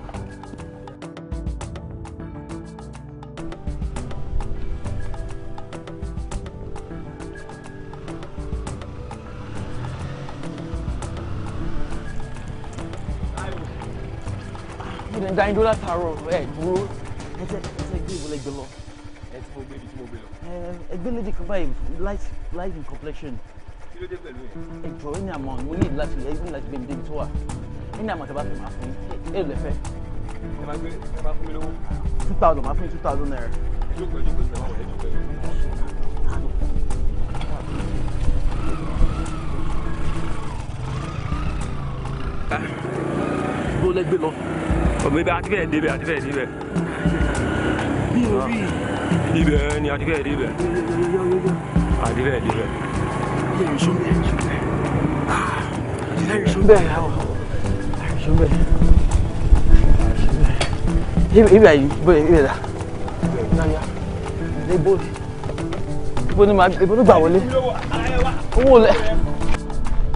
Dáyìn dó látàárọ̀ ẹ̀ dúró ẹ̀jẹ̀ ẹ̀jẹ̀ gbé ìwọlẹ̀ gbé lọ mo gbé ibi tí mo gbé lọ. ẹgbẹ́ lady kan báyìí light light in complexion. kí ló dé pẹ̀lú ẹ. ẹ jọ ẹni àmọ́ mo ní láti ẹ ní láti gbẹ̀mí débi tó wà ẹni àmọ́ tẹ bá fẹ́ máa fún ẹ lè fẹ́. ẹ máa gbé ẹ máa fún mi lówó. two thousand máa fún two thousand naira. ẹ jókòó ẹ jókòó ẹ jókòó ẹ jókòó. ló lẹ́gbẹ́ lọ. ọ̀gbìn bẹ́ẹ̀ àti bẹ́ẹ̀ débẹ̀ àti bẹ́ẹ̀ débẹ̀. bí orí ibẹ̀ ni àdìbẹ̀ rí bẹ̀ àdìbẹ̀ rí bẹ̀. ibẹ̀ ayi bẹ̀ ibẹ̀ la ibo ibo ni ma ibo ni gbà wọlé owó lẹ.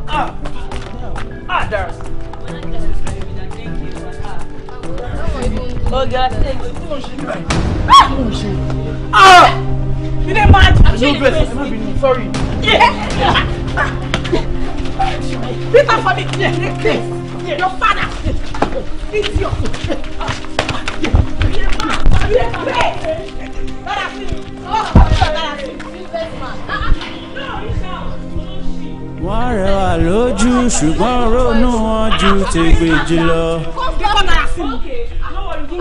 Ah, Darcy. Oh, God, I think we're doing shit. Ah! Doing shit. Ah! You didn't mind. I'm sure you didn't Sorry. Yeah. Peter for me. Yeah. Yeah. Your father. It's your. wọ́n rẹwà lójú ṣùgbọ́n ronú wọn ju tègbèjì lọ.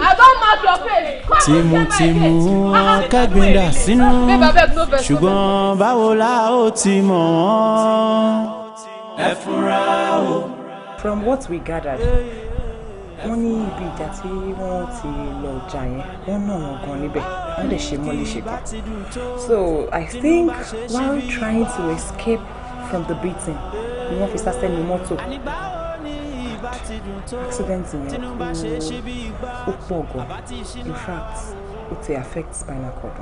I don't mark your tìmùtìmù wọn kẹ́gbìn dà sínú ṣùgbọ́n báwo la ó ti mọ̀ wọ́n. ẹ fúnra o. from what we gathered wọ́n ní ibi ìjà tí wọ́n ti lọ jà yẹn wọ́n náà wọn gan níbẹ̀ wọ́n lè ṣe mọ́lẹ́ṣẹ̀ kan so i think while trying to escape from the beating ni wọ́n fi sá sẹ́nu mọ́tò accident in ó pọ̀ gan in fact it ti affect spinal cord.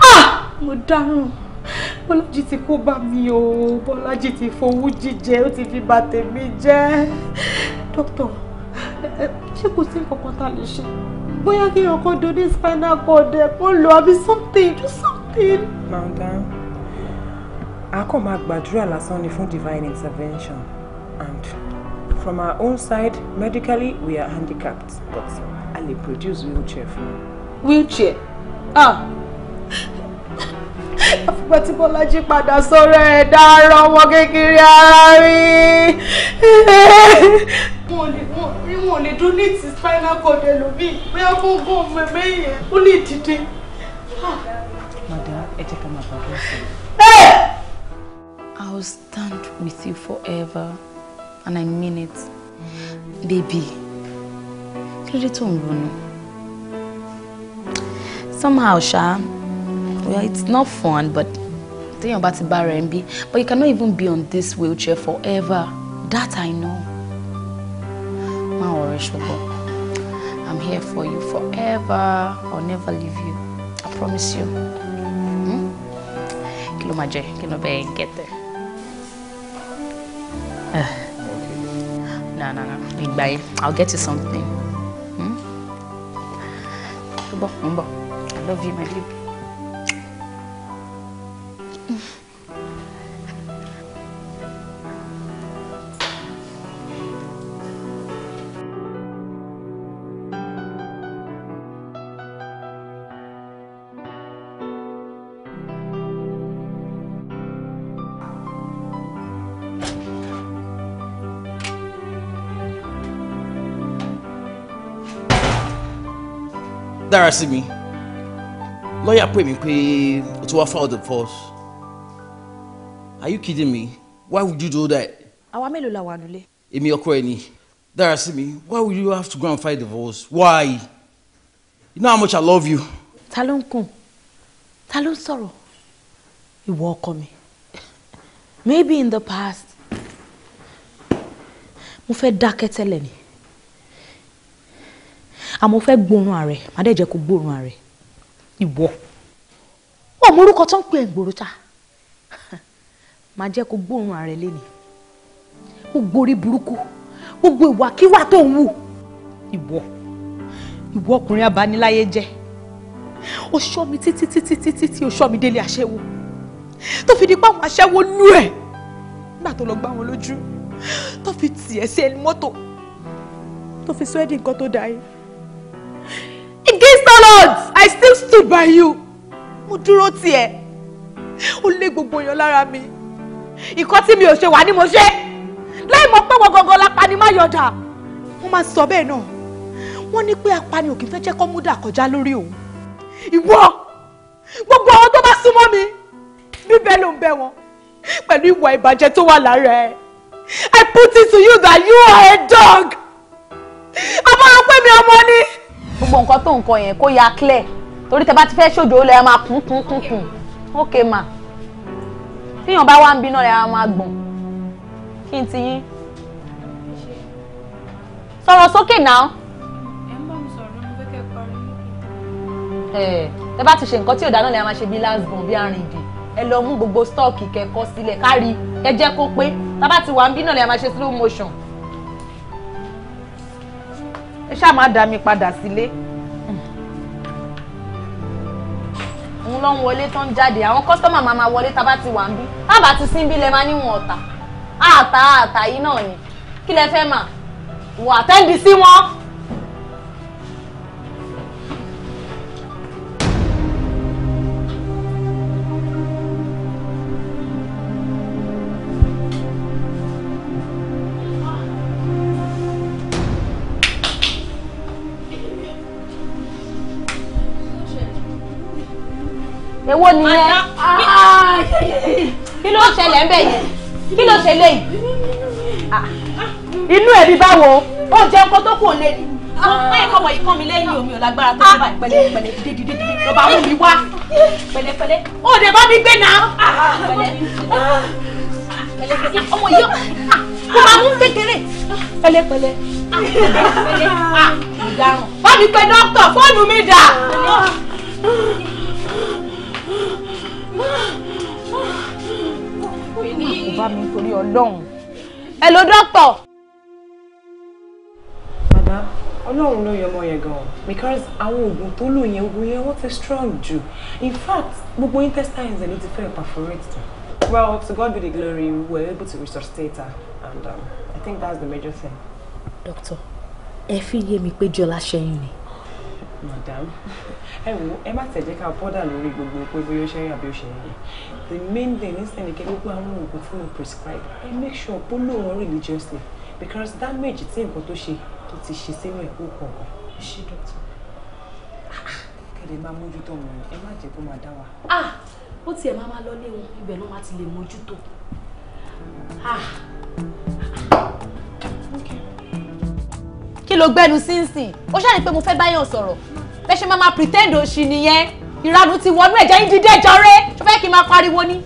ah mo dáhùn bọ́lájí ti kó bá mi o bọ́lájí ti fowú jíjẹ ó ti fi bà tèmi jẹ́ doctor. ṣé kò sí nǹkan kan tá a lè ṣe bóyá kí do doni spinal cord ẹ kó lọ àbí something do something. mọ̀ọ́dá a kò máa gbàdúrà lásán ni fún divine intervention and From our own side, medically, we are handicapped, but Ali lè produce wheelchair for me. Wheelchair? Ah! Àfipá tí Bọ́lá jí padà sọ́rọ̀ ẹ̀ dáràn ọmọ kékeré ara rí. Wọ́n ò lè dún ní ti spinal cord ẹlòmíì, bóyá kó gún ọmọ ẹ̀mẹ́ yẹn, ó lè dìde. Màdá, ẹ ká máa bàbá ọ̀sẹ̀. I will stand with you forever and I mean it. Baby, kí ló dé tó Somehow, ṣá, well, it's not fun, but téèyàn bá ti bá and ń But you cannot even be on this wheelchair forever. That I know. Má ọ̀rẹ́ ṣùgbọ́n, I'm here for you forever. I'll never leave you. I promise you. Hmm? Kí ló máa jẹ? Kí get there? Uh no, no, no. Ìgbà yẹn, I'll get you something. Hmm? Mbọ̀, mbọ̀. I love you, my baby. dára sí mi lọ́ọ̀yà pè mí pé o ti wá file the divorce are you kidding me why would you do that. àwa mélòó la wà nílé. èmi ọkọ ẹ ni dára sí mi why would you have to go and file divorce why you know how much i love you. ta ló ń kùn ta ló ń sọ̀rọ̀ ìwọ ọkọ mi maybe in the past mo fẹ́ dákẹ́ tẹ́lẹ̀ ni àmọ́ ah, fẹ́ gbóòórùn ààrẹ má dẹ̀ jẹ́ kó gbóòórùn ààrẹ ìwọ wọn mú orúkọ tó ń pè é gbòòrò ta *laughs* má jẹ́ kó gbóòórùn ààrẹ lẹ́nu gbogbo orí burúkú gbogbo ìwàkiwà tó ń wù ìwọ ìwọ ọkùnrin abániláyé jẹ́ o ṣọ́ mi títí títí títí tí o ṣọ́ mi délé aṣẹ́wó tó fi di pé àwọn aṣẹ́wó nú ẹ̀ nígbà tó lọ gbá wọn lójú tó fi tì ẹ́ sí ẹni mọ́tò tó fi sọ ẹ́ di nǹkan tó dáa yìí against all odds I still stood by you mo dúró tiẹ̀ ó lé gbogbo èèyàn lára mi nǹkan tí mi ò ṣe wà ní mo ṣe láì mọ̀ pé wọn gangan lápani má yọ̀dà wọ́n máa sọ bẹ́ẹ̀ náà wọ́n ní pé apani ò kì í fẹ́ jẹ́ kó múdà kọjá lórí òun ìwọ gbogbo àwọn tó bá súnmọ́ mi bíbẹ́ ló ń bẹ́ wọn pẹ̀lú ìwà ìbàjẹ́ tó wà lára ẹ̀ I put it to you that you are a dog àbọ̀rọ̀ pé mi ọmọ ni gbogbo nǹkan tó nǹkan yẹn kó ya clear torí tẹ bá ti fẹ́ ṣòjò ó lẹ máa kún kún kún kún ok ma tíyàn bá wá ń bínú rẹ máa gbọ̀n kí n ti yín sọ̀rọ̀ sókè náà. tẹ bá ti ṣe nǹkan tí ò dáná lẹ máa ṣe bí last born bí arìndì ẹ lọ mú gbogbo stọọkì kẹkọ sílẹ̀ kárí ẹ jẹ́ kó pé tá bá ti wà ń bínú rẹ máa ṣe slow motion ẹ ṣáà má dá mi padà sílé. òun ló ń wọlé tó ń jáde àwọn kọ́sítọ́mà máa ma wọlé tá a bá ti wà ń bí tá a bá ti sín bí lẹ máa níwọ̀n ọ̀tà àtà àtà yìí náà ni kí lẹ fẹ́ mà wọ àtẹ́ǹdì sí wọn. wo nìyẹn kí ló ṣẹlẹ̀ ń bẹ̀ yẹn kí ló ṣẹlẹ̀ yìí inú ẹ̀rí báwo ó jẹ́ nǹkan tó kù ò lè ní. mo pẹ́ ẹ̀kọ́ wọ̀nyí kán mi lẹ́yìn omi ò lágbára tó bá ìpẹ̀lẹ́pẹ̀lẹ́ dídídídí lọ́ba mú mi wá pẹ̀lẹ́pẹ̀lẹ́ ó dẹ̀ bá mi gbé náà pẹ̀lẹ́pẹ̀lẹ́ ah, ah, ọmọ yìí kò ah, máa mú kékeré pẹ̀lẹ́pẹ̀lẹ́ pẹ̀lẹ́pẹ̀lẹ́ ìdarùn bá mi pe dókítà fóònù mi dà. bá mi torí ọlọ́run ẹ ló dọ́tọ̀. bàbá ọlọ́run ló yọ ọmọ yẹn gan-an because àwọn oògùn tó lò yẹn oògùn yẹn wọ́n ti strong jù in fact gbogbo intestines ẹ̀ ló ti fẹ́ perforate tán. well to God be the glory we were able to resuscitate her and um, I think that's the major thing. doctor ẹ fi yé mi pé jọlá ṣẹ́yún ni. madam ẹ wo ẹ má tẹ̀jẹ́ ká bọ́dà lórí gbogbo pé bóyá ó ṣe rìn àbí ó ṣe rìn the main thing is ẹni kẹ́ gbogbo àwọn oògùn tí mo prescribe ẹ make sure pé lò religiously because damage tí nǹkan tó ṣe tó ti ṣe sínú ẹ̀ ó pọ̀ gan. ṣé dọ́tọ̀ kẹ̀lẹ́ máa mójútó wọn ẹ má jẹ́ kó máa dá wa. ah ó tiẹ̀ máa máa lọ lé wọn ibẹ̀ ló máa ti lè mójútó. ah kí ló gbẹnu sínsìn ó ṣàlàyé pé mo fẹ́ báyọ̀ sọ̀rọ̀ bẹ́ẹ̀ ṣe máa máa pretend òṣì nìyẹn ìranù ti wọnú ẹ̀jẹ̀ yín dídé jọrẹ́ ṣó fẹ́ kí n máa pariwo ni.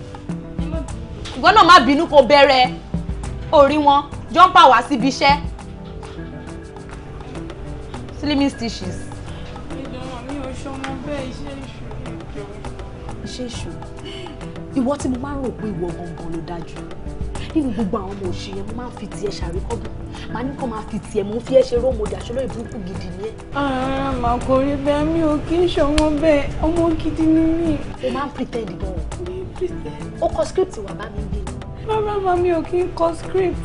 ìwọ náà má bínú kó bẹ̀rẹ̀ orí wọn jọ́ǹpà wá síbi iṣẹ́ slimming stitches. ìjọba mi ò ṣọmọ bẹ́ẹ̀ iṣẹ́ ìṣù iṣẹ́ ìṣù ìwọ tí mo máa ń rò pé ìwọ gangan ló dájú nínú gbogbo àwọn ọmọ òṣìyẹn mo máa ń fi tiẹ̀ ṣàríkọ́gbọ̀n màá ní kó máa fi tiẹ̀ mú fi ẹ́ ṣe róòmù dàṣọ lóyè burúkú gidi ni ẹ. ara ah, mà kò bẹ́ẹ̀ mi ò kí ń ṣọmọ bẹ́ẹ̀ ọmọ gidi ni mí. o máa ń pretend gan o. o kọ script wà bá mi bí. rárá màá mi ò kí ń kọ script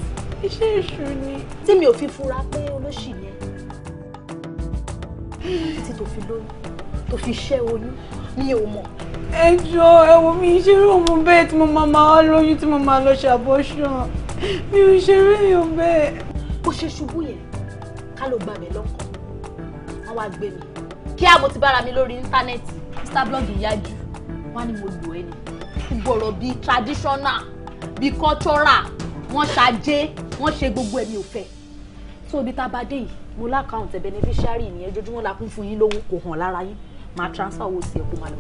iṣẹ́ èṣù ni. tí mi ò fi fura pé olóṣì yẹn títí tó fi lóyún tó fi ṣẹ́ oyún mi ò mọ̀ ẹ jọ̀ọ́ ẹ wò mí ṣeré òun bẹ́ẹ̀ tí mo máa máa lóyún tí mo máa lọ ṣàbọ̀ṣàn mi ò ṣeré yàn bẹ́ẹ̀ bó ṣe ṣubú yẹn ká ló gbàgbẹ́ lọ́kàn wọ́n wá gbé mi kí àbò ti bára mi lórí íńtánẹ́ẹ̀tì mr blog yájú wọ́n á ní mo lò ẹ́ ni gbọ̀rọ̀ bíi traditional bíi cultural wọ́n ṣàjẹ́ wọ́n ṣe gbogbo ẹ̀mí ò fẹ́ tó ibi tá a bá dé yìí mo lákàùntì beneficiary ni ojoojúmọ́ la kún fún yín lówó kò hàn lára yín máa transfer owó sí ẹ kó máa lọ.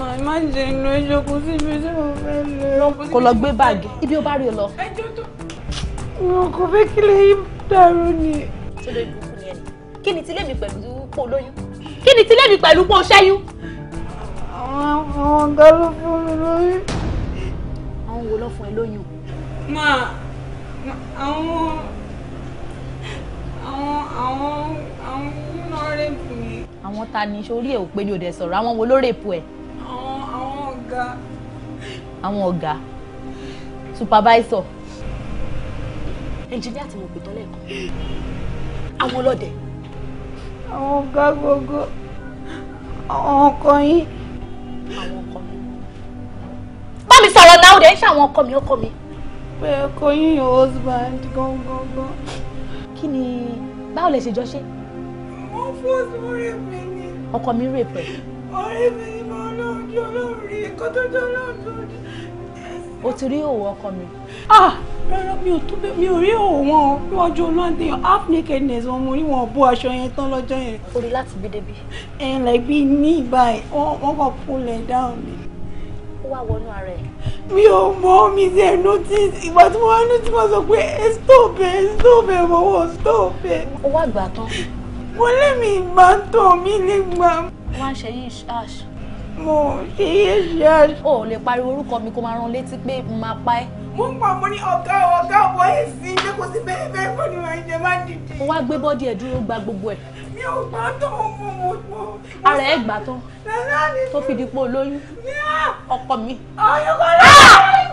màmá jẹ inú ẹjọ kò sí ibi tí mo fẹ́ lọ. kò lọ gbé báàgì ibi ó bá rí ọ lọ. ẹjọ́ tó. mo kò fẹ́ kí lè yí dàrú ni. tó lórí burúkú ni ẹni kí ni tilé mi pẹ̀lú pò lóyún kí ni tilé mi pẹ̀lú pò ṣẹ́yún. àwọn ọ̀gá ló fún mi lóyún. àwọn wo ló fún ẹ lóyún. máa àwọn àwọn àwọn àwọn náà rèpù mi. àwọn ta ni sórí ẹ ò pé ní òde sọ̀rọ̀ àwọn wo ló rèpù ẹ. àwọn àwọn ọ̀gá. àwọn ọ̀gá supervisor ẹnjìníà tí mo pè tán lẹ́ẹ̀kan àwọn ọlọ́dẹ. àwọn ọ̀gá gbogbo àwọn ọkọ yín. àwọn ọkọ mi. bá mi sọ̀rọ̀ náà ó dẹ̀ ń ṣe àwọn ọkọ mi ọkọ mi. pé ọkọ yín yóò husband gangan. kí ni báwo lè ṣe jọ ṣe. mo fún ọsùn rẹ̀ mi ni. ọkọ mi rèé pẹ̀. ọ̀rẹ́ mi ni mo lọ́ọ́ jọ lọ́ọ́ rí kó o ti rí òwò ọkọ mi. ah rárá mi ò tún bẹ mi ò rí òwò wọn níwájú olóńdè half nakedness wọn mo rí wọn bó aṣọ yẹn tán lọ́jọ́ yẹn. o rí láti gbé débi. ẹ eh, ẹ like bí ní ìgbà ẹ wọn kàn pull ẹ down mi. ó wá wọnú ara ẹ. mi ò mọ mi ṣe notice ìgbà tí wọn notice wọn sọ pé ẹ eh, stop ẹ stop ẹ mọwọ stop ẹ. ó wá gbà tán. wọlé mi ìgbà tó mi lè gbà. wọn á ṣe yín ash mo ṣe yé ṣe. o lè pariwo orúkọ mi kó máa rán létí pé máa pa ẹ́. mo ń pa mo ní ọ̀gá ọ̀gá ọ̀bọ yìí sí ilé kò sí bẹ́ẹ̀ bẹ́ẹ̀ kọ́ ni wọ́n ṣe máa dìde. mo wá gbé bọ́dí ẹ̀ dúró gba gbogbo ẹ̀. mi ò gbà tán mo mo mo. ara ẹ̀ gbà tán tó fi dípò lóyún ọkọ mi. ọyọkọ rẹ ah!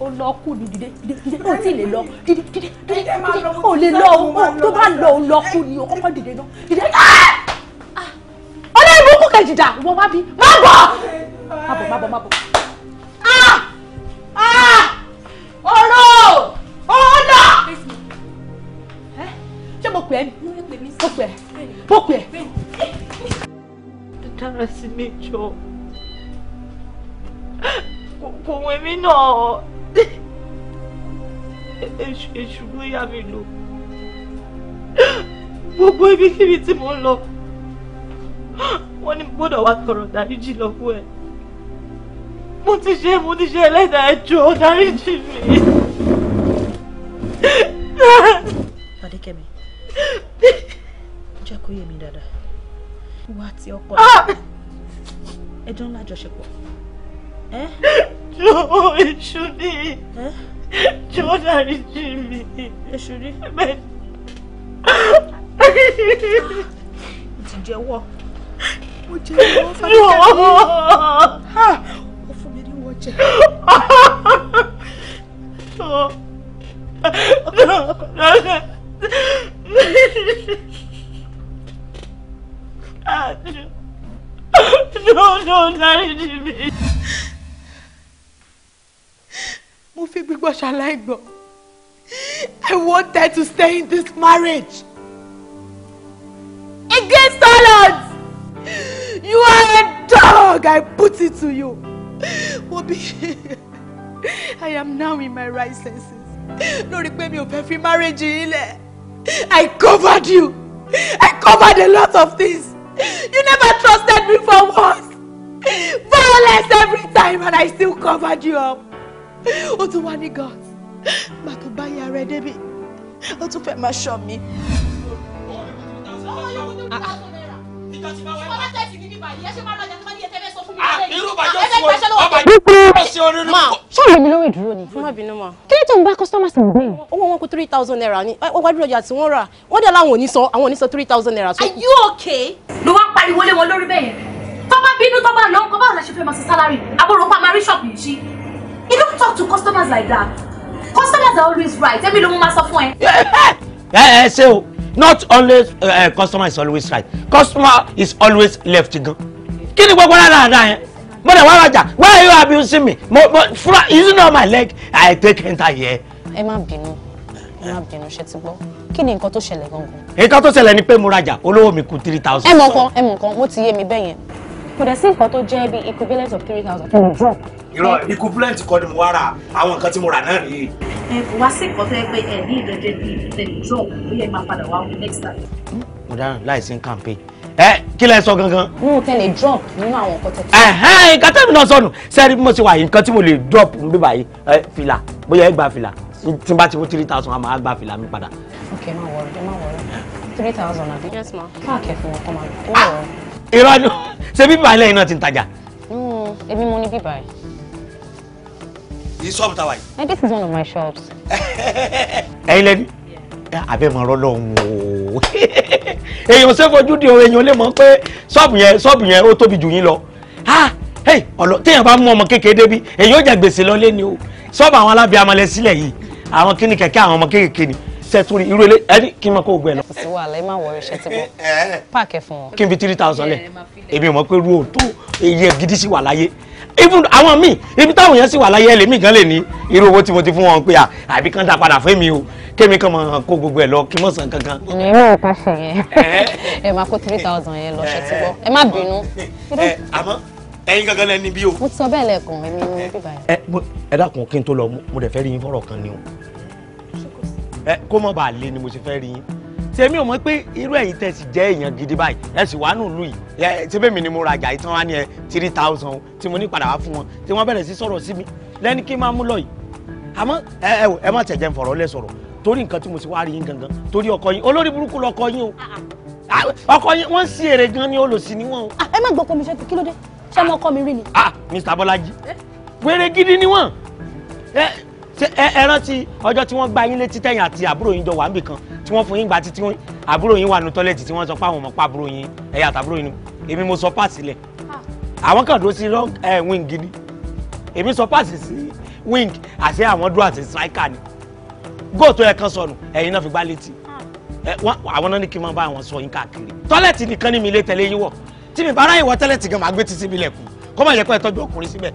ó lọ kú ni dìde dìde dìde ó ti lè lọ dìde dìde dìde O lè lọ o tó bá lọ ó lọ kú ni ó kọ́kọ́ dìde náà dìde. Ah! méjì dà ìwọ wá bí má bọ̀ má bọ̀ má bọ̀ má bọ̀. Ah! Ah! ọ̀rọ̀ ọ̀nà ṣé mo pè é mo pè é mo pè é. dára sí mi jọ kò wẹ̀ mí náà èṣù ló yá mi lò gbogbo ibikíbi tí mo ń lọ gbọ́dọ̀ wá tọrọ dáríjì lọ́wọ́ ẹ̀ mo ti ṣe mo ti ṣe ẹlẹ́dàá ẹjọ́ dáríjì mi. Fadékẹ́mi jẹ́ kó yé mi dáadáa wá ti ọkọ rẹ̀ ẹjọ́ ńlá àjọṣepọ̀. jọ èṣù ni jọ dáríjì mi. èṣù rí. mo ti jẹ́wọ́ mo jẹ ìwọ fàlùkẹ́ mi ó fún mi ní wọ́n jẹ. No, no, dáríjì mi. Mo fi gbígbọ́ ṣàlàyé gbọ́. I wanted to stay in this marriage. Against all odds. You are a dog! I put it to you. Obi, I am now in my right senses. No, repay me of every marriage yín lẹ̀. I covered you. I covered a lot of things. You never trusted me for once. Violence every time and I still covered you up. O tún God. Màá tó Otu yàrá ẹ débi. O tún ṣọ́ọ̀lù mi lórí ìdúró ni. má bínú ma. kí ló tó ń bá customers gbìn. owó wọn kó three thousand naira ni wọ́n wá dúró ọjà tí wọ́n rà wọ́n dẹ̀ láwọn ò ní san àwọn ò ní san three thousand naira. are you okay? ló wá pariwo lé wọn lórí bẹ́ẹ̀ yẹn tó bá bínú tó bá lọ kó báwo la ṣe fẹ́ máa ṣe sálárì àbúrò pa mari shop yìí ṣí you don't talk to customers like that customers are always right ẹ̀mí ló mú ma sọ fún ẹ. ẹ ẹ ṣe o not always uh, uh, customer is always right customer is always left gan kí ni gbogbo rárá rárá yẹn mo dẹ̀ wá rajà why are you abusing me mo mo fura is it not my leg i take enter here. ẹ má bínú ẹ má bínú ṣe ti gbọ́ kí ni nǹkan tó ṣẹlẹ̀ gangan. nǹkan tó ṣẹlẹ̀ ni pé mo rajà olówó mi kù three thousand. ẹ mọ̀ nǹkan ẹ mọ̀ nǹkan mo ti yé mi bẹ́ẹ̀ yẹn kò dẹ̀ sí nǹkan tó jẹ́ bí equivalent of three thousand kí ni drop irọ́ equivalent kọ́ ni mo wá ra àwọn nǹkan tí mo rà náà nìyí. ẹ kò wá sí ìkọ́tọ́ ẹ pé ẹ ní ìdẹ́dẹ́ bíi ìdẹ́dẹ́ drop bí ẹ máa padà wá wọ next time. mo dáhùn láìsí campaign ẹ kí lẹ sọ gangan. mo tẹ̀lé drop nínú àwọn nǹkan tẹ̀lé. ẹ̀hẹ́n nǹkan tẹ̀lé náà sọnù sẹ́ẹ̀rí bí mo ṣe wà yìí nǹkan tí mo lè drop ń bí báyìí fìlà bóyá ẹ gba fìlà tí n bá ti kó three thousand a máa gba fìlà mi padà. ok má wọrọ ẹ má wọrọ three thousand àbí. yes ma. káàkiri fún wọn kọ́ máa lọ. Ah! irọ́ ni ṣe bíbá ilé iná ti ń tajà. Hmm, èmi mo ní bíbá yìí ṣọ́ọ̀bù tàwa yìí. this is one of my shops. *laughs* ẹyin lẹni abẹ́ mọ̀ ọ́ lọ́hùn o *laughs* èèyàn ṣe fojú di èèyàn lè mọ̀ pé ṣọ́ọ̀bù yẹn ṣọ́ọ̀bù yẹn ó tóbi jù yín lọ ọ̀lọ́ téèyàn bá mú ọmọ kékeré débi èèyàn ó jẹ gbèsè lọ lé ni o ṣọ́ọ̀bù àwọn alábẹ́ amalẹ̀ sílẹ̀ yìí àwọn kíni kẹ̀kẹ́ àwọn ọmọ kékeré ni sẹ́tún rí irú ilé ẹni kí n máa kó ogun ẹ̀ lọ. kò sí wàhálà ẹ má iṣẹ́ tí wọ́n páàkì fún wọn. kí n fi three thousand lẹ̀ èmi ò mọ̀ pé irú òótọ́ iye gidi sí wà láyé even àwọn míì ibi táwọn èèyàn sì wà láyé ẹlẹ́mìí gan lè ní irú owó tí mo ti fún wọn pé àbí kan dá padà fún mi o kémi kan máa kó gbogbo ẹ lọ kí mọ̀ sàn kankan. ẹ yóò kún fún yẹn ẹ máa kó three thousand yẹn lọ ṣe ti bọ ẹ má bínú. àmọ́ ẹ̀yin gangan lẹni bí o. mo ti sọ bẹ́ẹ̀ lẹ́ẹ̀kan èmi ni mo bí báyìí. ẹ dákun kí n tó lọ mo dẹ̀ fẹ́ rí yín fọ̀rọ̀ kan ni o kó má bàa lé ni mo ṣe fẹ́ rí yín tèmi ò mọ̀ pé irú ẹ̀yin tẹ́ sì jẹ́ èèyàn gidi báyìí ẹ sì wà nù lùi ẹ ṣé bẹ́ẹ̀ mi ni mo rajà ìtàn wa ni ẹ three thousand tí mo ní padà wá fún wọn tí wọ́n bẹ̀rẹ̀ sí sọ̀rọ̀ sí mi lẹ́ni kí n máa mú lọ yìí àmọ́ ẹ ẹ ẹ má tẹ̀jẹ̀ ń fọ̀rọ̀ lẹ́ sọ̀rọ̀ torí nǹkan tí mo sì wá rí yín gangan torí ọkọ yín olórí burúkú lọkọ yín o ah, ah. Ah, ọkọ yín wọ́n sí èrè gan ni olùsí ni wọ́n o. ẹ má gbọ́ ọkọ mi ṣe kí ló dé ṣé ọmọ ọkọ mi rí ni. ah Mr. Bọ́lájí eh? wèrè gidi tí wọ́n fún yín gba títí àbúrò yín wà ní tọ́lẹ̀tì tí wọ́n sọ pé àwọn ọmọ pa àbúrò yín ẹ̀yà àtàbúrò yín èmi mo sọ páàsì lẹ̀ ah. àwọn kan dúró sí eh, wing ni èmi sọ páàsì sí wing àti àwọn dúró àti striker ni góòtù ẹ̀ kan sọnù ẹ̀yin náà fi gbá létí ah. eh, àwọn náà ní kí n máa bá àwọn sọ yín káàkiri tọ́lẹ̀tì nìkan ni mi lè tẹ̀lé yín wọ̀ tí mi bá ráyè wọ gan máa gbé títí mi lẹ̀kùn kọ́ máa yẹ ọkùnrin síbẹ̀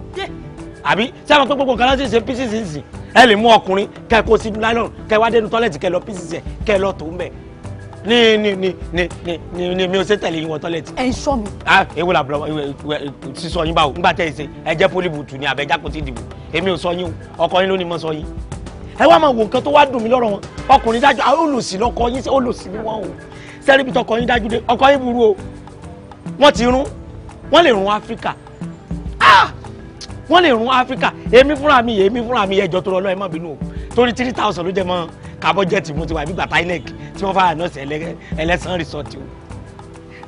àbí sábà pé gbogbo nǹkan láti ṣe pcc ẹ lè mú ọkùnrin kẹ kó sínú nylon kẹ wá dénú tọ́lẹ̀tì kẹ lọ pieces ẹ kẹ lọ tó ń bẹ̀ ní ní ní ní ní ní mi ò ṣe tẹ̀lé yín wọ tọ́lẹ̀tì. ẹ ń sọ mi. a ewu la bùrọ̀ sísọ yín báwo nígbà tẹ́ ẹ ṣe ẹ jẹ́ pólíbùtù ni àbẹ̀já kò tí ì dìbò èmi ò sọ yín o ọkọ yín ló ní mo sọ yín. ẹ wá máa wo nǹkan tó wá dùn mí lọ́rọ̀ wọn ọkùnrin dájú olùsí lọkọ yín olùsí ni wọn o sẹ́ríbi tọkọ yín dájú dé ọkọ yín burú o wọ́n ti rún wọ́n lè rún Áfíríkà ah wọ́n lè run áfíríkà èmi fúnra mi èmi fúnra mi ẹjọ́ tó lọ́ọ́ ẹ má bínú o torí three thousand ló jẹ́ mọ́ kábọ́jẹ́tì mo ti wà nígbà tinec tí wọ́n fara nọ́ọ̀sì ẹlẹ́sàn resort o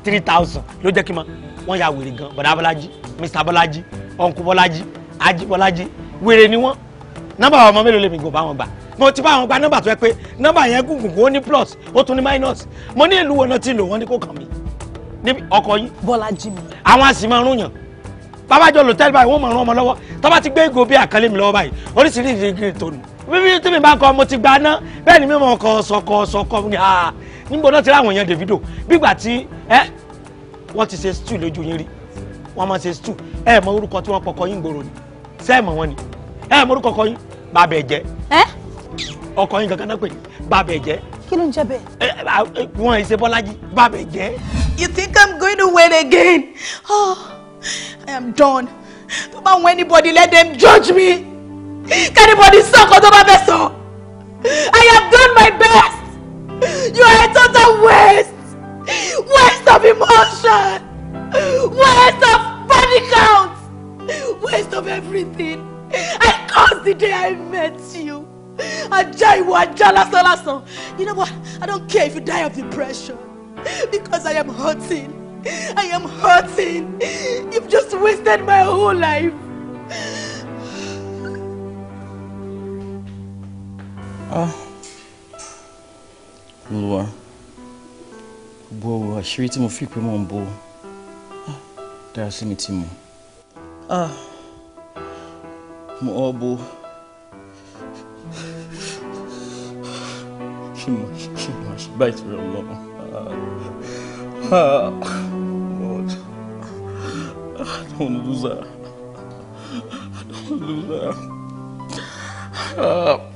three thousand ló jẹ́ kí n ma wọ́n ya wèrè gan bọ̀dá bọ́lájí mr bọ́lájí ọ̀nkú bọ́lájí ají bọ́lájí wèrè ni wọ́n nọ́mbà ọmọ mélòó lèmi gùn bá wọn gbà mo ti bá wọn gba nọ́mbà tó yẹ pé nọ́mbà yẹn gùngùn ó ní plus ó tún ní minus mo ní ìlú wọn náà ti lò wọn ní kò kàn mí níbi ọkọ yìí. bọ́lájí mi. àwọn àsìmọ̀ ọ̀rùn yàn babájọ lò báyìí wọ́n mọ̀ ọ́n ọmọ lọ́wọ́ tọ́ba ti gbé ìgò bí àkànlé mi lọ́wọ́ báyìí oríṣiríṣi ìgbìn tòun bíbí tí bá kọ mo ti gba ná bẹ́ẹ̀ ni mi mọ̀ ọkọ̀ sọkọ sọkọ ni a níbo náà ti ráwọn èèyàn Davido bígbà tí ẹ wọ́n ti ṣe stew lójú yín rí wọ́n máa ṣe stew ẹ mọ orúkọ tí wọ́n kọkọ yín gbòòrò ni sẹ́ẹ̀ mọ̀ wọ́n ni ẹ mọ orúkọ kọ yín bàbá ẹ̀jẹ̀ ọkọ yín kankan pè bàbá ẹ̀jẹ̀. kí ló ń jẹ bẹ́ẹ̀. wọn ì You think I'm going to win again? Oh. I am done. Tó bá wọn anybody let them judge me. Can anybody ọkọ tó bá fẹ́ I have done my best. You are a total waste. Waste of emotion. Waste of body count. Waste of everything. I caused the day I met you. Ajá ìwọ ajá lásán You know what? I don't care if you die of depression because I am hurting. I am hurting. You've just wasted my whole life. Ah. Olúwa. Gbọ́ wo àṣírí tí mo fi pé mò ń bo. Ah, dára sí mi tí mo. Ah. Mo ọ bo. Ṣé mo ṣe báyìí tó rẹ̀ lọ́wọ́? Ah, Lord. I don't want to lose her. I don't want to lose her. Ah.